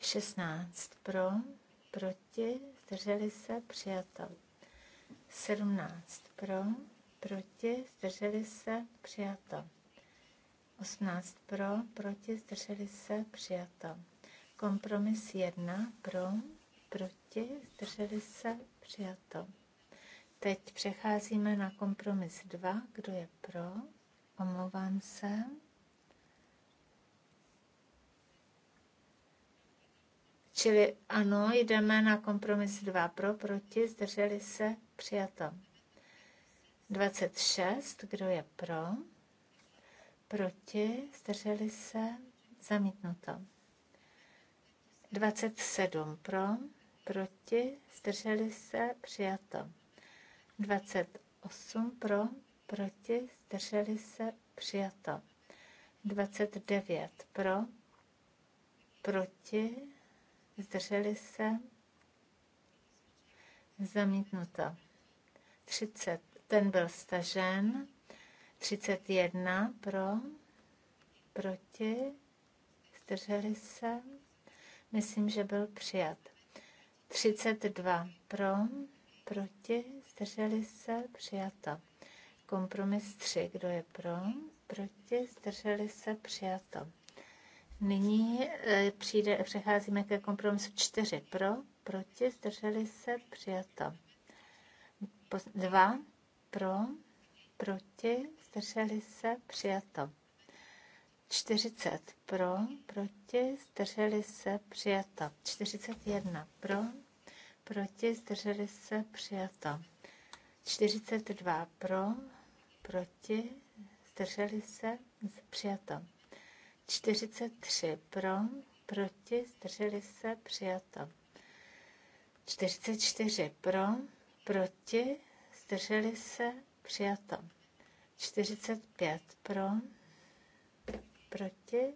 A: 16 pro, proti, zdrželi se, přijato. 17 pro, proti, zdrželi se, přijato. 18 pro, proti, zdrželi se, přijato. Kompromis 1 pro, proti, zdrželi se, přijato. Teď přecházíme na kompromis 2. Kdo je pro? Omlouvám se. Čili ano, jdeme na kompromis 2 pro, proti, zdrželi se, přijato. 26, kdo je pro? proti, zdrželi se, zamítnuto. 27 pro, proti, zdrželi se, přijato. 28 pro, proti, zdrželi se, přijato. 29 pro, proti, zdrželi se, zamítnuto. 30, ten byl stažen, 31 pro, proti, zdrželi se. Myslím, že byl přijat. 32 pro, proti, zdrželi se, přijato. Kompromis 3, kdo je pro, proti, zdrželi se, přijato. Nyní e, přijde, přecházíme ke kompromisu 4 pro, proti, zdrželi se, přijato. 2 pro, proti, zdrželi se, přijato. 40 pro, proti, zdrželi se, přijato. 41 pro, proti, zdrželi se, přijato. 42 pro, proti, zdrželi se, přijato. 43 pro, proti, zdrželi se, přijato. 44 pro, proti, zdrželi se, přijato. 45 pro, proti,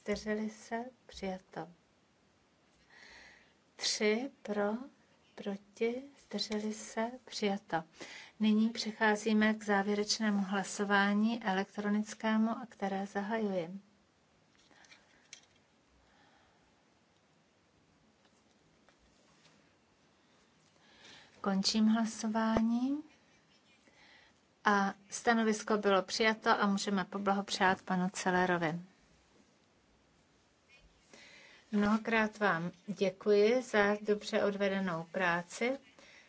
A: zdrželi se, přijato. 3 pro, proti, zdrželi se, přijato. Nyní přecházíme k závěrečnému hlasování elektronickému, a které zahajuji. Končím hlasování a stanovisko bylo přijato a můžeme poblahopřát panu Celerovi. Mnohokrát vám děkuji za dobře odvedenou práci.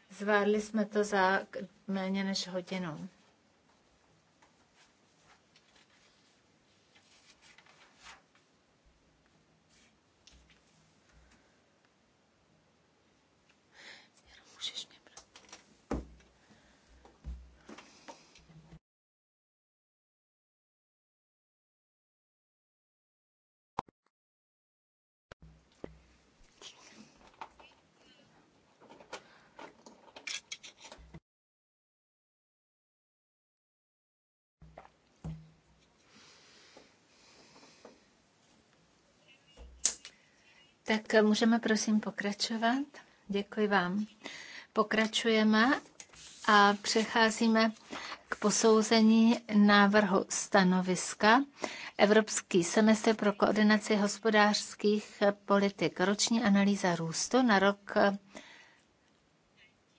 A: Zvládli jsme to za méně než hodinu. Tak můžeme prosím pokračovat. Děkuji vám. Pokračujeme a přecházíme k posouzení návrhu stanoviska Evropský semestr pro koordinaci hospodářských politik. Roční analýza růstu na rok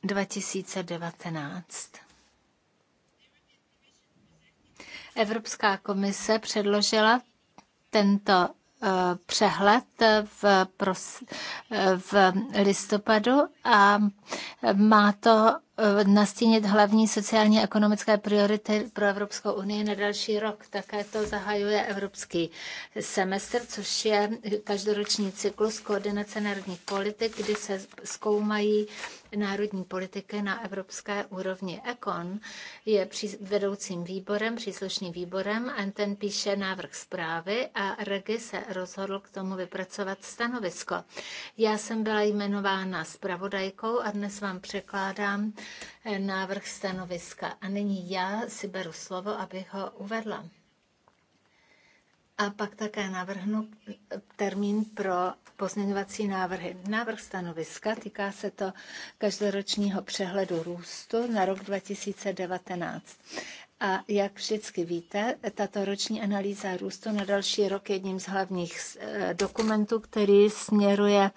A: 2019. Evropská komise předložila tento přehled v, pros, v listopadu a má to eh, nastínit hlavní sociální a ekonomické priority pro Evropskou unii na další rok. Také to zahajuje Evropský semestr, což je každoroční cyklus koordinace národních politik, kdy se zkoumají národní politiky na evropské úrovni. Econ je vedoucím výborem, příslušným výborem a ten píše návrh zprávy a Regi se rozhodl k tomu vypracovat stanovisko. Já jsem byla jmenována zpravodajkou a dnes vám překládám eh, návrh stanoviska. A nyní já si beru slovo, abych ho uvedla a pak také navrhnu termín pro pozměňovací návrhy. Návrh stanoviska týká se to každoročního přehledu růstu na rok 2019. A jak vždycky víte, tato roční analýza růstu na další rok je jedním z hlavních eh, dokumentů, který směruje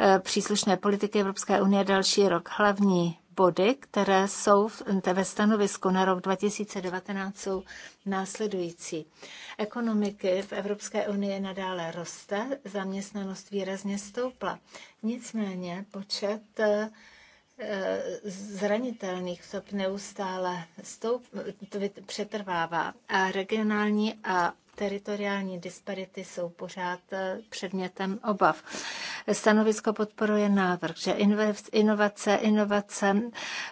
A: eh, příslušné politiky Evropské unie další rok. Hlavní body, které jsou ve stanovisku na rok 2019, jsou následující. Ekonomiky v Evropské unii nadále roste, zaměstnanost výrazně stoupla. Nicméně počet eh, zranitelných stop neustále stoup, eh, přetrvává. A regionální a teritoriální disparity jsou pořád eh, předmětem obav. Stanovisko podporuje návrh, že inovace, inovace,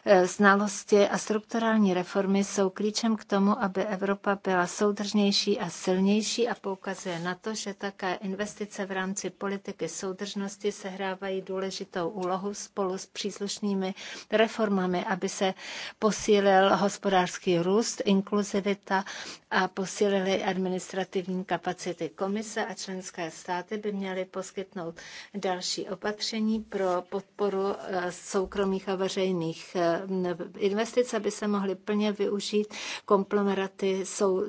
A: eh, znalosti a strukturální reformy jsou klíčem k tomu, aby Evropa byla soudržnější a silnější a poukazuje na to, že také investice v rámci politiky soudržnosti sehrávají důležitou úlohu spolu s příslušnými reformami, aby se posílil hospodářský růst, inkluzivita a posílili administrativní administrativní kapacity. Komise a členské státy by měly poskytnout další opatření pro podporu eh, soukromých a veřejných eh, investic, aby se mohly plně využít komplemeraty sou,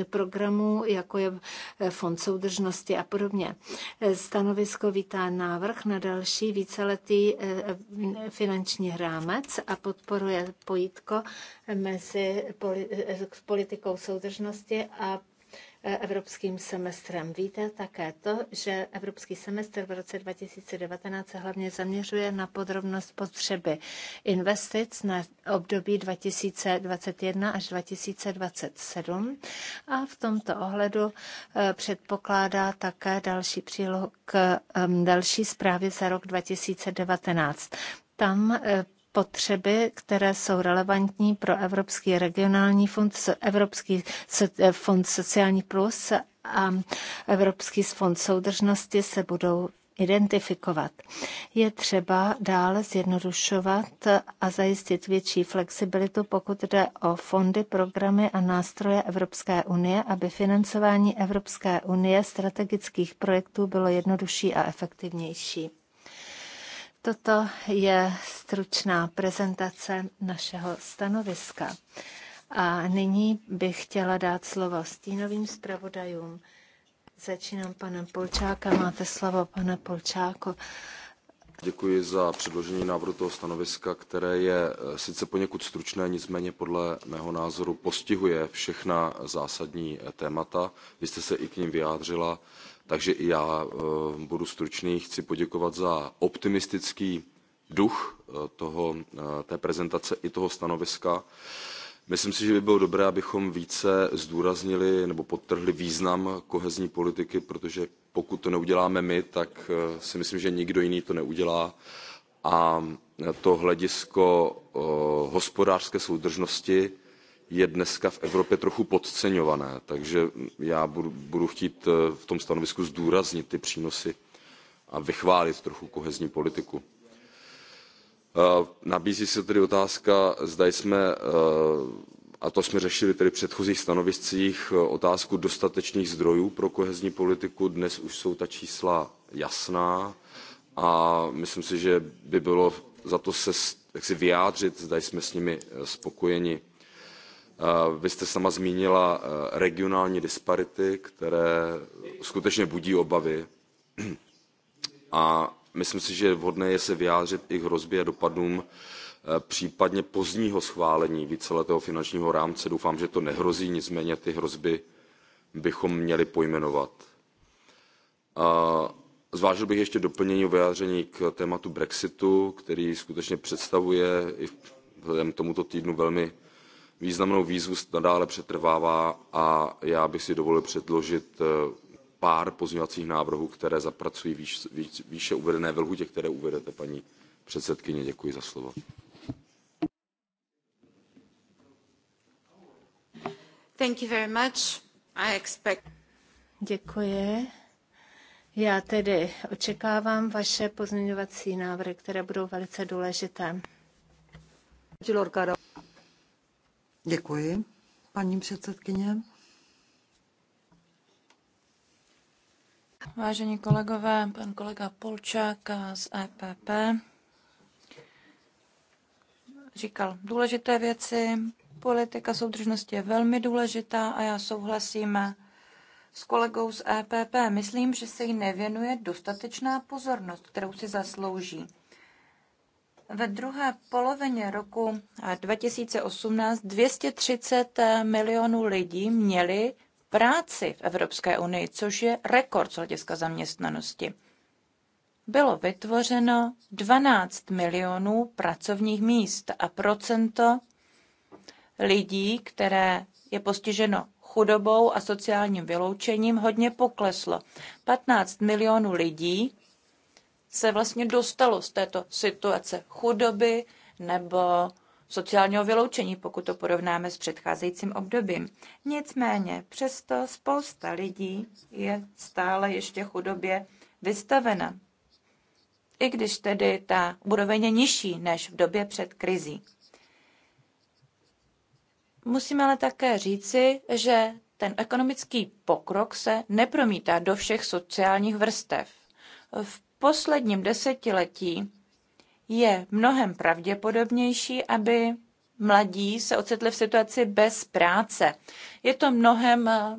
A: eh, programů, jako je Fond soudržnosti a podobně. Stanovisko vítá návrh na další víceletý finanční rámec a podporuje pojítko mezi politikou soudržnosti a Eh, evropským semestrem. Víte také to, že evropský semestr v roce 2019 se hlavně zaměřuje na podrobnost potřeby investic na období 2021 až 2027 a v tomto ohledu eh, předpokládá také další přílohu k další zprávě za rok 2019 tam eh, potřeby, které jsou relevantní pro Evropský regionální fond, Evropský fond sociální plus a Evropský fond soudržnosti se budou identifikovat. Je třeba dále zjednodušovat a zajistit větší flexibilitu, pokud jde o fondy, programy a nástroje Evropské unie, aby financování Evropské unie strategických projektů bylo jednodušší a efektivnější. Toto je stručná prezentace našeho stanoviska. A nyní bych chtěla dát slovo stínovým zpravodajům. Začínám panem Polčáka. Máte slovo, pane Polčáku.
D: Děkuji za předložení návrhu toho stanoviska, které je eh, sice poněkud stručné, nicméně podle mého názoru postihuje všechna zásadní eh, témata. Vy jste se i k ním vyjádřila. Takže i já eh, budu stručný, chci poděkovat za optimistický duch eh, toho, eh, té prezentace i toho stanoviska. Myslím si, že by bylo dobré, abychom více zdůraznili nebo podtrhli význam kohezní politiky, protože pokud to neuděláme my, tak si myslím, že nikdo jiný to neudělá. A to hledisko hospodářské soudržnosti je dneska v Evropě trochu podceňované, takže já budu, budu chtít eh, v tom stanovisku zdůraznit ty přínosy a vychválit trochu kohezní politiku. Eh, nabízí se tedy otázka, zda jsme, eh, a to jsme řešili tedy v předchozích stanoviscích, otázku dostatečných zdrojů pro kohezní politiku. Dnes už jsou ta čísla jasná a myslím si, že by bylo za to se jaksi vyjádřit, zda jsme s nimi spokojeni vy jste sama zmínila regionální disparity, které skutečně budí obavy. A myslím si, že je vhodné je se vyjádřit i k hrozbě a dopadům případně pozdního schválení víceletého finančního rámce. Doufám, že to nehrozí, nicméně ty hrozby bychom měli pojmenovat. Zvážil bych ještě doplnění o vyjádření k tématu Brexitu, který skutečně představuje i vzhledem k tomuto týdnu velmi významnou výzvu nadále přetrvává a já bych si dovolil předložit eh, pár pozměňovacích návrhů, které zapracují výš, výš, výše uvedené ve lhutě, které uvedete, paní předsedkyně. Děkuji za slovo.
A: Thank you very much. I expect... Děkuji. Já tedy očekávám vaše pozměňovací návrhy, které budou velice důležité.
C: Děkuji, paní předsedkyně.
B: Vážení kolegové, pan kolega Polčák z EPP říkal důležité věci. Politika soudržnosti je velmi důležitá a já souhlasím s kolegou z EPP. Myslím, že se jí nevěnuje dostatečná pozornost, kterou si zaslouží ve druhé polovině roku 2018 230 milionů lidí měli práci v Evropské unii, což je rekord z hlediska zaměstnanosti. Bylo vytvořeno 12 milionů pracovních míst a procento lidí, které je postiženo chudobou a sociálním vyloučením, hodně pokleslo. 15 milionů lidí se vlastně dostalo z této situace chudoby nebo sociálního vyloučení, pokud to porovnáme s předcházejícím obdobím. Nicméně přesto spousta lidí je stále ještě chudobě vystavena, i když tedy ta úroveň je nižší než v době před krizí. Musíme ale také říci, že ten ekonomický pokrok se nepromítá do všech sociálních vrstev. V posledním desetiletí je mnohem pravděpodobnější, aby mladí se ocitli v situaci bez práce. Je to mnohem eh,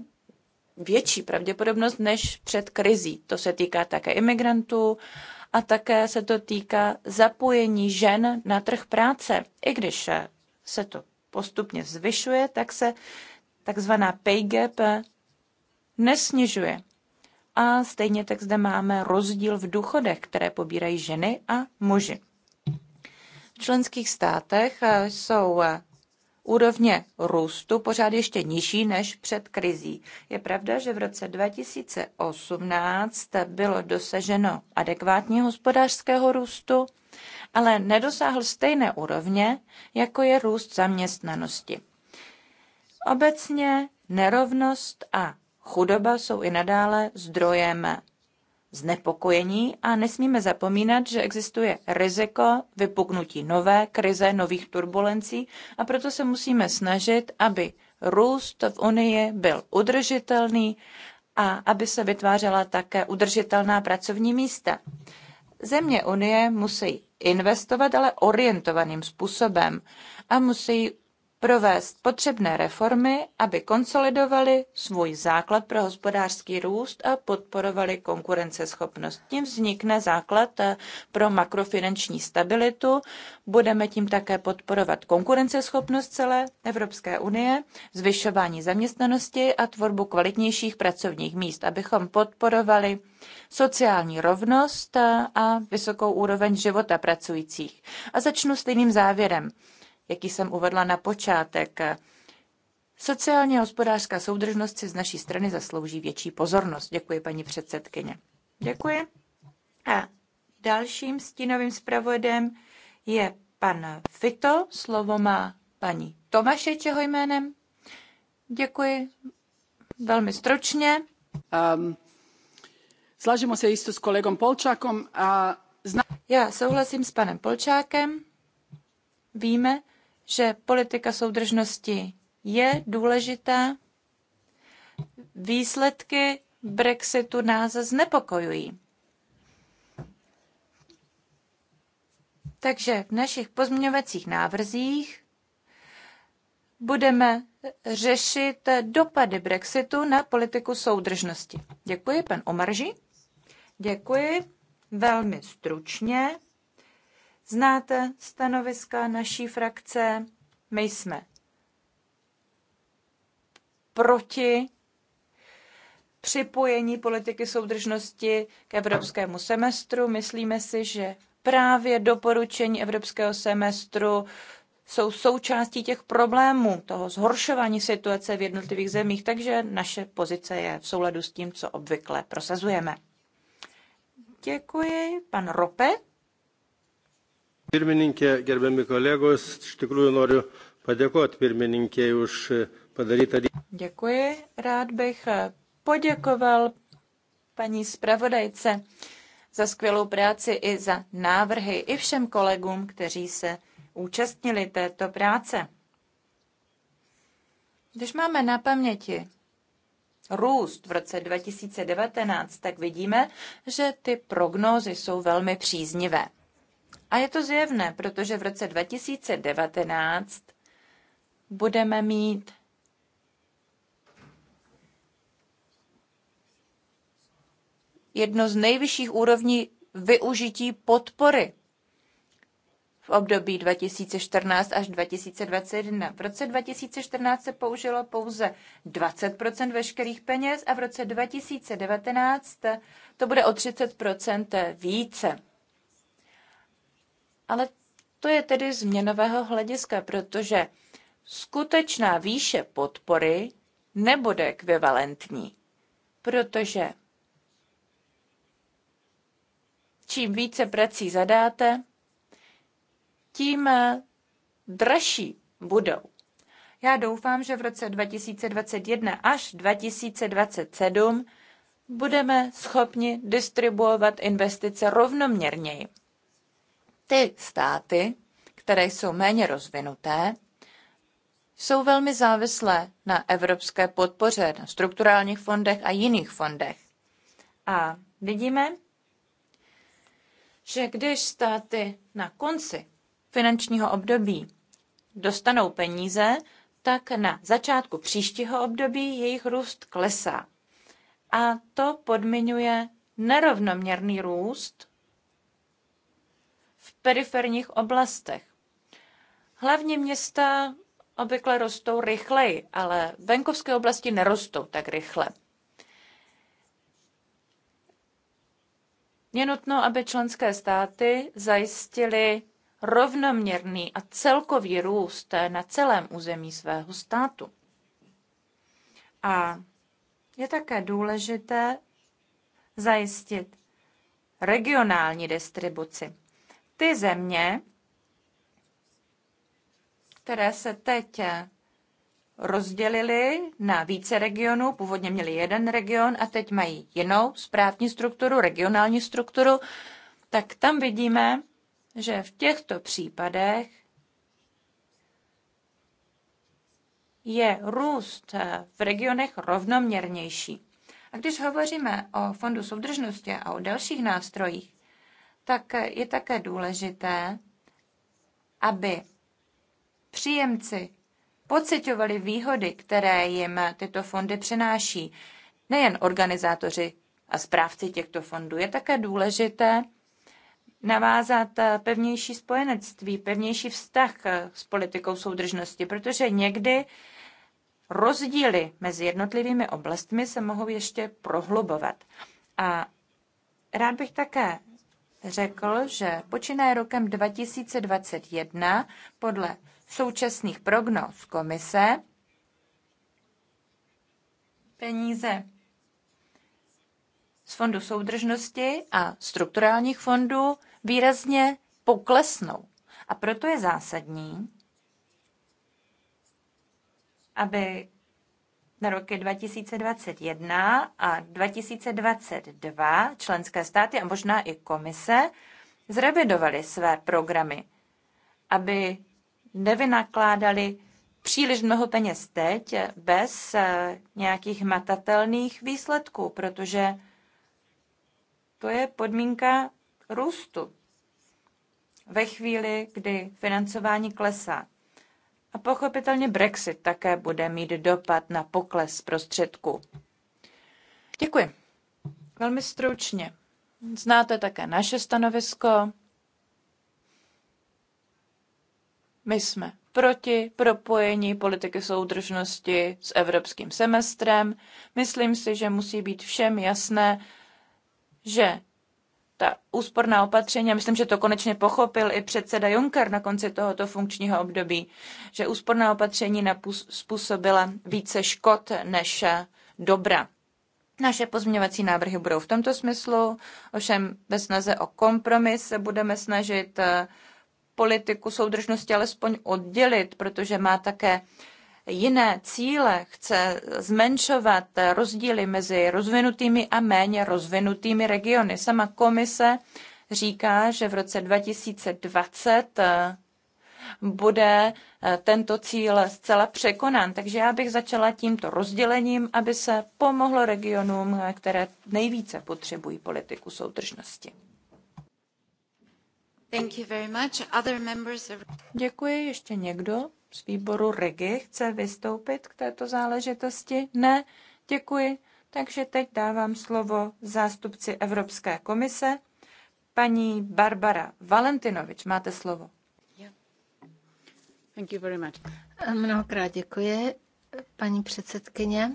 B: větší pravděpodobnost než před krizí. To se týká také imigrantů a také se to týká zapojení žen na trh práce. I když eh, se to postupně zvyšuje, tak se takzvaná pay gap eh, nesnižuje. A stejně tak zde máme rozdíl v důchodech, které pobírají ženy a muži. V členských státech eh, jsou eh, úrovně růstu pořád ještě nižší než před krizí. Je pravda, že v roce 2018 bylo dosaženo adekvátního hospodářského růstu, ale nedosáhl stejné úrovně, jako je růst zaměstnanosti. Obecně nerovnost a chudoba jsou i nadále zdrojem znepokojení a nesmíme zapomínat, že existuje riziko vypuknutí nové krize, nových turbulencí a proto se musíme snažit, aby růst v Unii byl udržitelný a aby se vytvářela také udržitelná pracovní místa. Země Unie musí investovat, ale orientovaným způsobem a musí provést potřebné reformy, aby konsolidovali svůj základ pro hospodářský růst a podporovali konkurenceschopnost. Tím vznikne základ eh, pro makrofinanční stabilitu. Budeme tím také podporovat konkurenceschopnost celé Evropské unie, zvyšování zaměstnanosti a tvorbu kvalitnějších pracovních míst, abychom podporovali sociální rovnost eh, a vysokou úroveň života pracujících. A začnu stejným závěrem jaký jsem uvedla na počátek. Sociálně a hospodářská soudržnost si z naší strany zaslouží větší pozornost. Děkuji, paní předsedkyně. Děkuji. A dalším stínovým zpravodem je pan Fito. Slovo má paní Tomaše, čeho jménem. Děkuji velmi stročně. Um, ehm, slažíme se jistě s kolegom Polčákom a... Zna... Já souhlasím s panem Polčákem. Víme, že politika soudržnosti je důležitá. Výsledky Brexitu nás znepokojují. Takže v našich pozměňovacích návrzích budeme řešit dopady Brexitu na politiku soudržnosti. Děkuji, pan Omarži. Děkuji velmi stručně. Znáte stanoviska naší frakce? My jsme proti připojení politiky soudržnosti k evropskému semestru. Myslíme si, že právě doporučení evropského semestru jsou součástí těch problémů, toho zhoršování situace v jednotlivých zemích, takže naše pozice je v souladu s tím,
D: co obvykle
B: prosazujeme. Děkuji, pan Rope.
D: Pirmininkė, gerbiami kolegos, iš tikrųjų noriu poděkovat pirmininkě už podarí
B: Děkuji, rád bych poděkoval paní zpravodajce za skvělou práci i za návrhy i všem kolegům, kteří se účastnili této práce. Když máme na paměti růst v roce 2019, tak vidíme, že ty prognózy jsou velmi příznivé. A je to zjevné, protože v roce 2019 budeme mít jedno z nejvyšších úrovní využití podpory v období 2014 až 2021. V roce 2014 se použilo pouze 20 veškerých peněz a v roce 2019 to bude o 30 více. Ale to je tedy z měnového hlediska, protože skutečná výše podpory nebude ekvivalentní, protože čím více prací zadáte, tím dražší budou. Já doufám, že v roce 2021 až 2027 budeme schopni distribuovat investice rovnoměrněji ty státy, které jsou méně rozvinuté, jsou velmi závislé na evropské podpoře, na strukturálních fondech a jiných fondech. A vidíme, že když státy na konci finančního období dostanou peníze, tak na začátku příštího období jejich růst klesá. A to podmiňuje nerovnoměrný růst periferních oblastech. Hlavní města obvykle rostou rychleji, ale venkovské oblasti nerostou tak rychle. Je nutno, aby členské státy zajistily rovnoměrný a celkový růst na celém území svého státu. A je také důležité zajistit regionální distribuci ty země, které se teď rozdělili na více regionů, původně měli jeden region a teď mají jinou správní strukturu, regionální strukturu, tak tam vidíme, že v těchto případech je růst v regionech rovnoměrnější. A když hovoříme o Fondu soudržnosti a o dalších nástrojích, tak je také důležité, aby příjemci pocitovali výhody, které jim tyto fondy přináší. Nejen organizátoři a správci těchto fondů. Je také důležité navázat pevnější spojenectví, pevnější vztah s politikou soudržnosti, protože někdy rozdíly mezi jednotlivými oblastmi se mohou ještě prohlubovat. A rád bych také řekl, že počínaje rokem 2021 podle současných prognóz komise peníze z fondu soudržnosti a strukturálních fondů výrazně poklesnou. A proto je zásadní, aby na roky 2021 a 2022 členské státy a možná i komise zrevidovaly své programy, aby nevynakládali příliš mnoho peněz teď bez eh, nějakých matatelných výsledků, protože to je podmínka růstu. Ve chvíli, kdy financování klesá a pochopitelně Brexit také bude mít dopad na pokles prostředků. Děkuji. Velmi stručně. Znáte také naše stanovisko. My jsme proti propojení politiky soudržnosti s evropským semestrem. Myslím si, že musí být všem jasné, že ta úsporná opatření, a myslím, že to konečně pochopil i předseda Juncker na konci tohoto funkčního období, že úsporná opatření způsobila více škod než dobra. Naše pozměňovací návrhy budou v tomto smyslu, ovšem ve snaze o kompromis se budeme snažit politiku soudržnosti alespoň oddělit, protože má také jiné cíle, chce zmenšovat rozdíly mezi rozvinutými a méně rozvinutými regiony. Sama komise říká, že v roce 2020 eh, bude eh, tento cíl zcela překonán. Takže já bych začala tímto rozdělením, aby se pomohlo regionům, eh, které nejvíce potřebují politiku soudržnosti. Děkuji. Ještě někdo? z výboru Regi chce vystoupit k této záležitosti? Ne, děkuji. Takže teď dávám slovo zástupci Evropské komise, paní Barbara
A: Valentinovič. Máte slovo. Thank you very much. Mnohokrát děkuji, paní předsedkyně.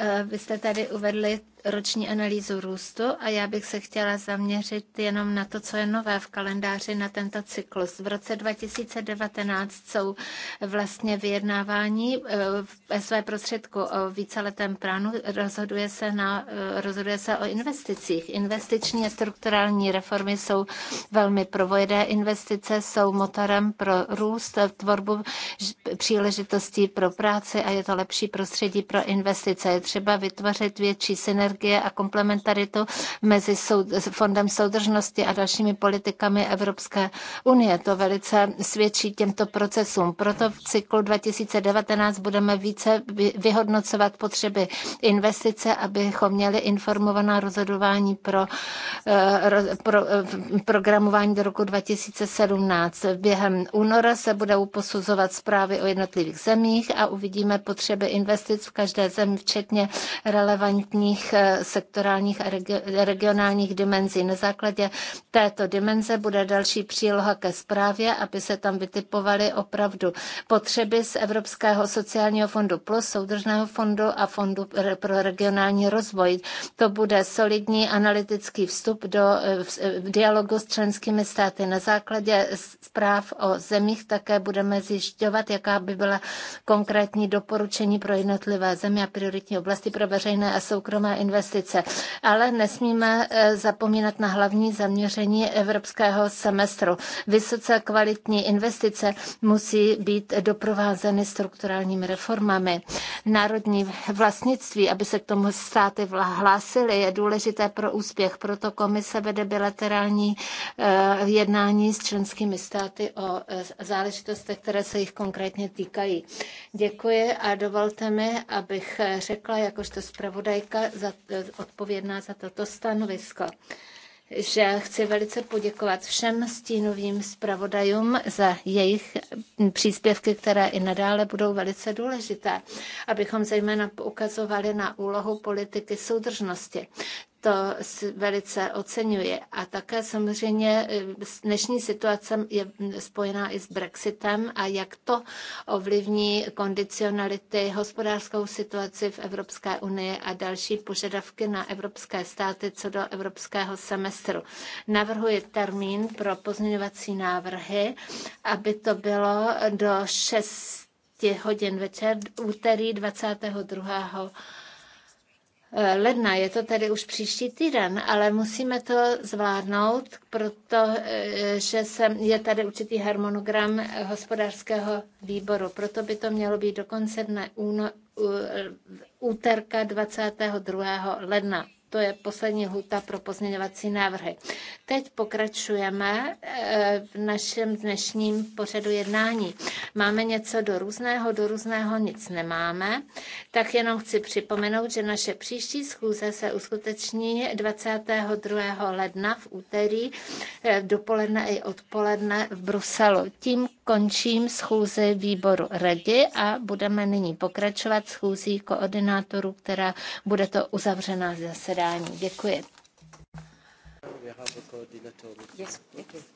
A: Eh, vy jste tady uvedli roční analýzu růstu a já bych se chtěla zaměřit jenom na to, co je nové v kalendáři na tento cyklus. V roce 2019 jsou vlastně vyjednávání ve eh, své prostředku o víceletém plánu. Rozhoduje se, na, eh, rozhoduje se o investicích. Investiční a strukturální reformy jsou velmi provojené. Investice jsou motorem pro růst, tvorbu příležitostí pro práci a je to lepší prostředí pro investice. Je třeba vytvořit větší synergii synergie a komplementaritu mezi soud, Fondem soudržnosti a dalšími politikami Evropské unie. To velice svědčí těmto procesům. Proto v cyklu 2019 budeme více vyhodnocovat potřeby investice, abychom měli informovaná rozhodování pro, eh, pro eh, programování do roku 2017. Během února se budou posuzovat zprávy o jednotlivých zemích a uvidíme potřeby investic v každé zemi, včetně relevantních E, sektorálních a regionálních dimenzí. Na základě této dimenze bude další příloha ke zprávě, aby se tam vytipovaly opravdu potřeby z Evropského sociálního fondu plus soudržného fondu a fondu pro regionální rozvoj. To bude solidní analytický vstup do e, e, dialogu s členskými státy. Na základě zpráv o zemích také budeme zjišťovat, jaká by byla konkrétní doporučení pro jednotlivé země a prioritní oblasti pro veřejné a soukromé investice investice. Ale nesmíme eh, zapomínat na hlavní zaměření evropského semestru. Vysoce kvalitní investice musí být doprovázeny strukturálními reformami. Národní vlastnictví, aby se k tomu státy hlásily, je důležité pro úspěch. Proto komise vede bilaterální eh, jednání s členskými státy o eh, záležitostech, které se jich konkrétně týkají. Děkuji a dovolte mi, abych řekla jakožto zpravodajka za odpovědná za toto stanovisko že chci velice poděkovat všem stínovým zpravodajům za jejich příspěvky, které i nadále budou velice důležité, abychom zejména ukazovali na úlohu politiky soudržnosti to velice oceňuji. A také samozřejmě eh, dnešní situace je spojená i s Brexitem a jak to ovlivní kondicionality, hospodářskou situaci v Evropské unii a další požadavky na evropské státy co do evropského semestru. Navrhuji termín pro pozměňovací návrhy, aby to bylo do 6 hodin večer úterý 22 Eh, ledna, je to tedy už příští týden, ale musíme to zvládnout, protože eh, je tady určitý harmonogram eh, hospodářského výboru. Proto by to mělo být do konce dne úno, úterka 22. ledna to je poslední huta pro pozměňovací návrhy. Teď pokračujeme eh, v našem dnešním pořadu jednání. Máme něco do různého, do různého nic nemáme, tak jenom chci připomenout, že naše příští schůze se uskuteční 22. ledna v úterý eh, dopoledne i odpoledne v Bruselu. Tím končím schůzi výboru Regi a budeme nyní pokračovat schůzí koordinátorů, která bude to uzavřená zasedání. Děkuji.
C: Yes, děkuji.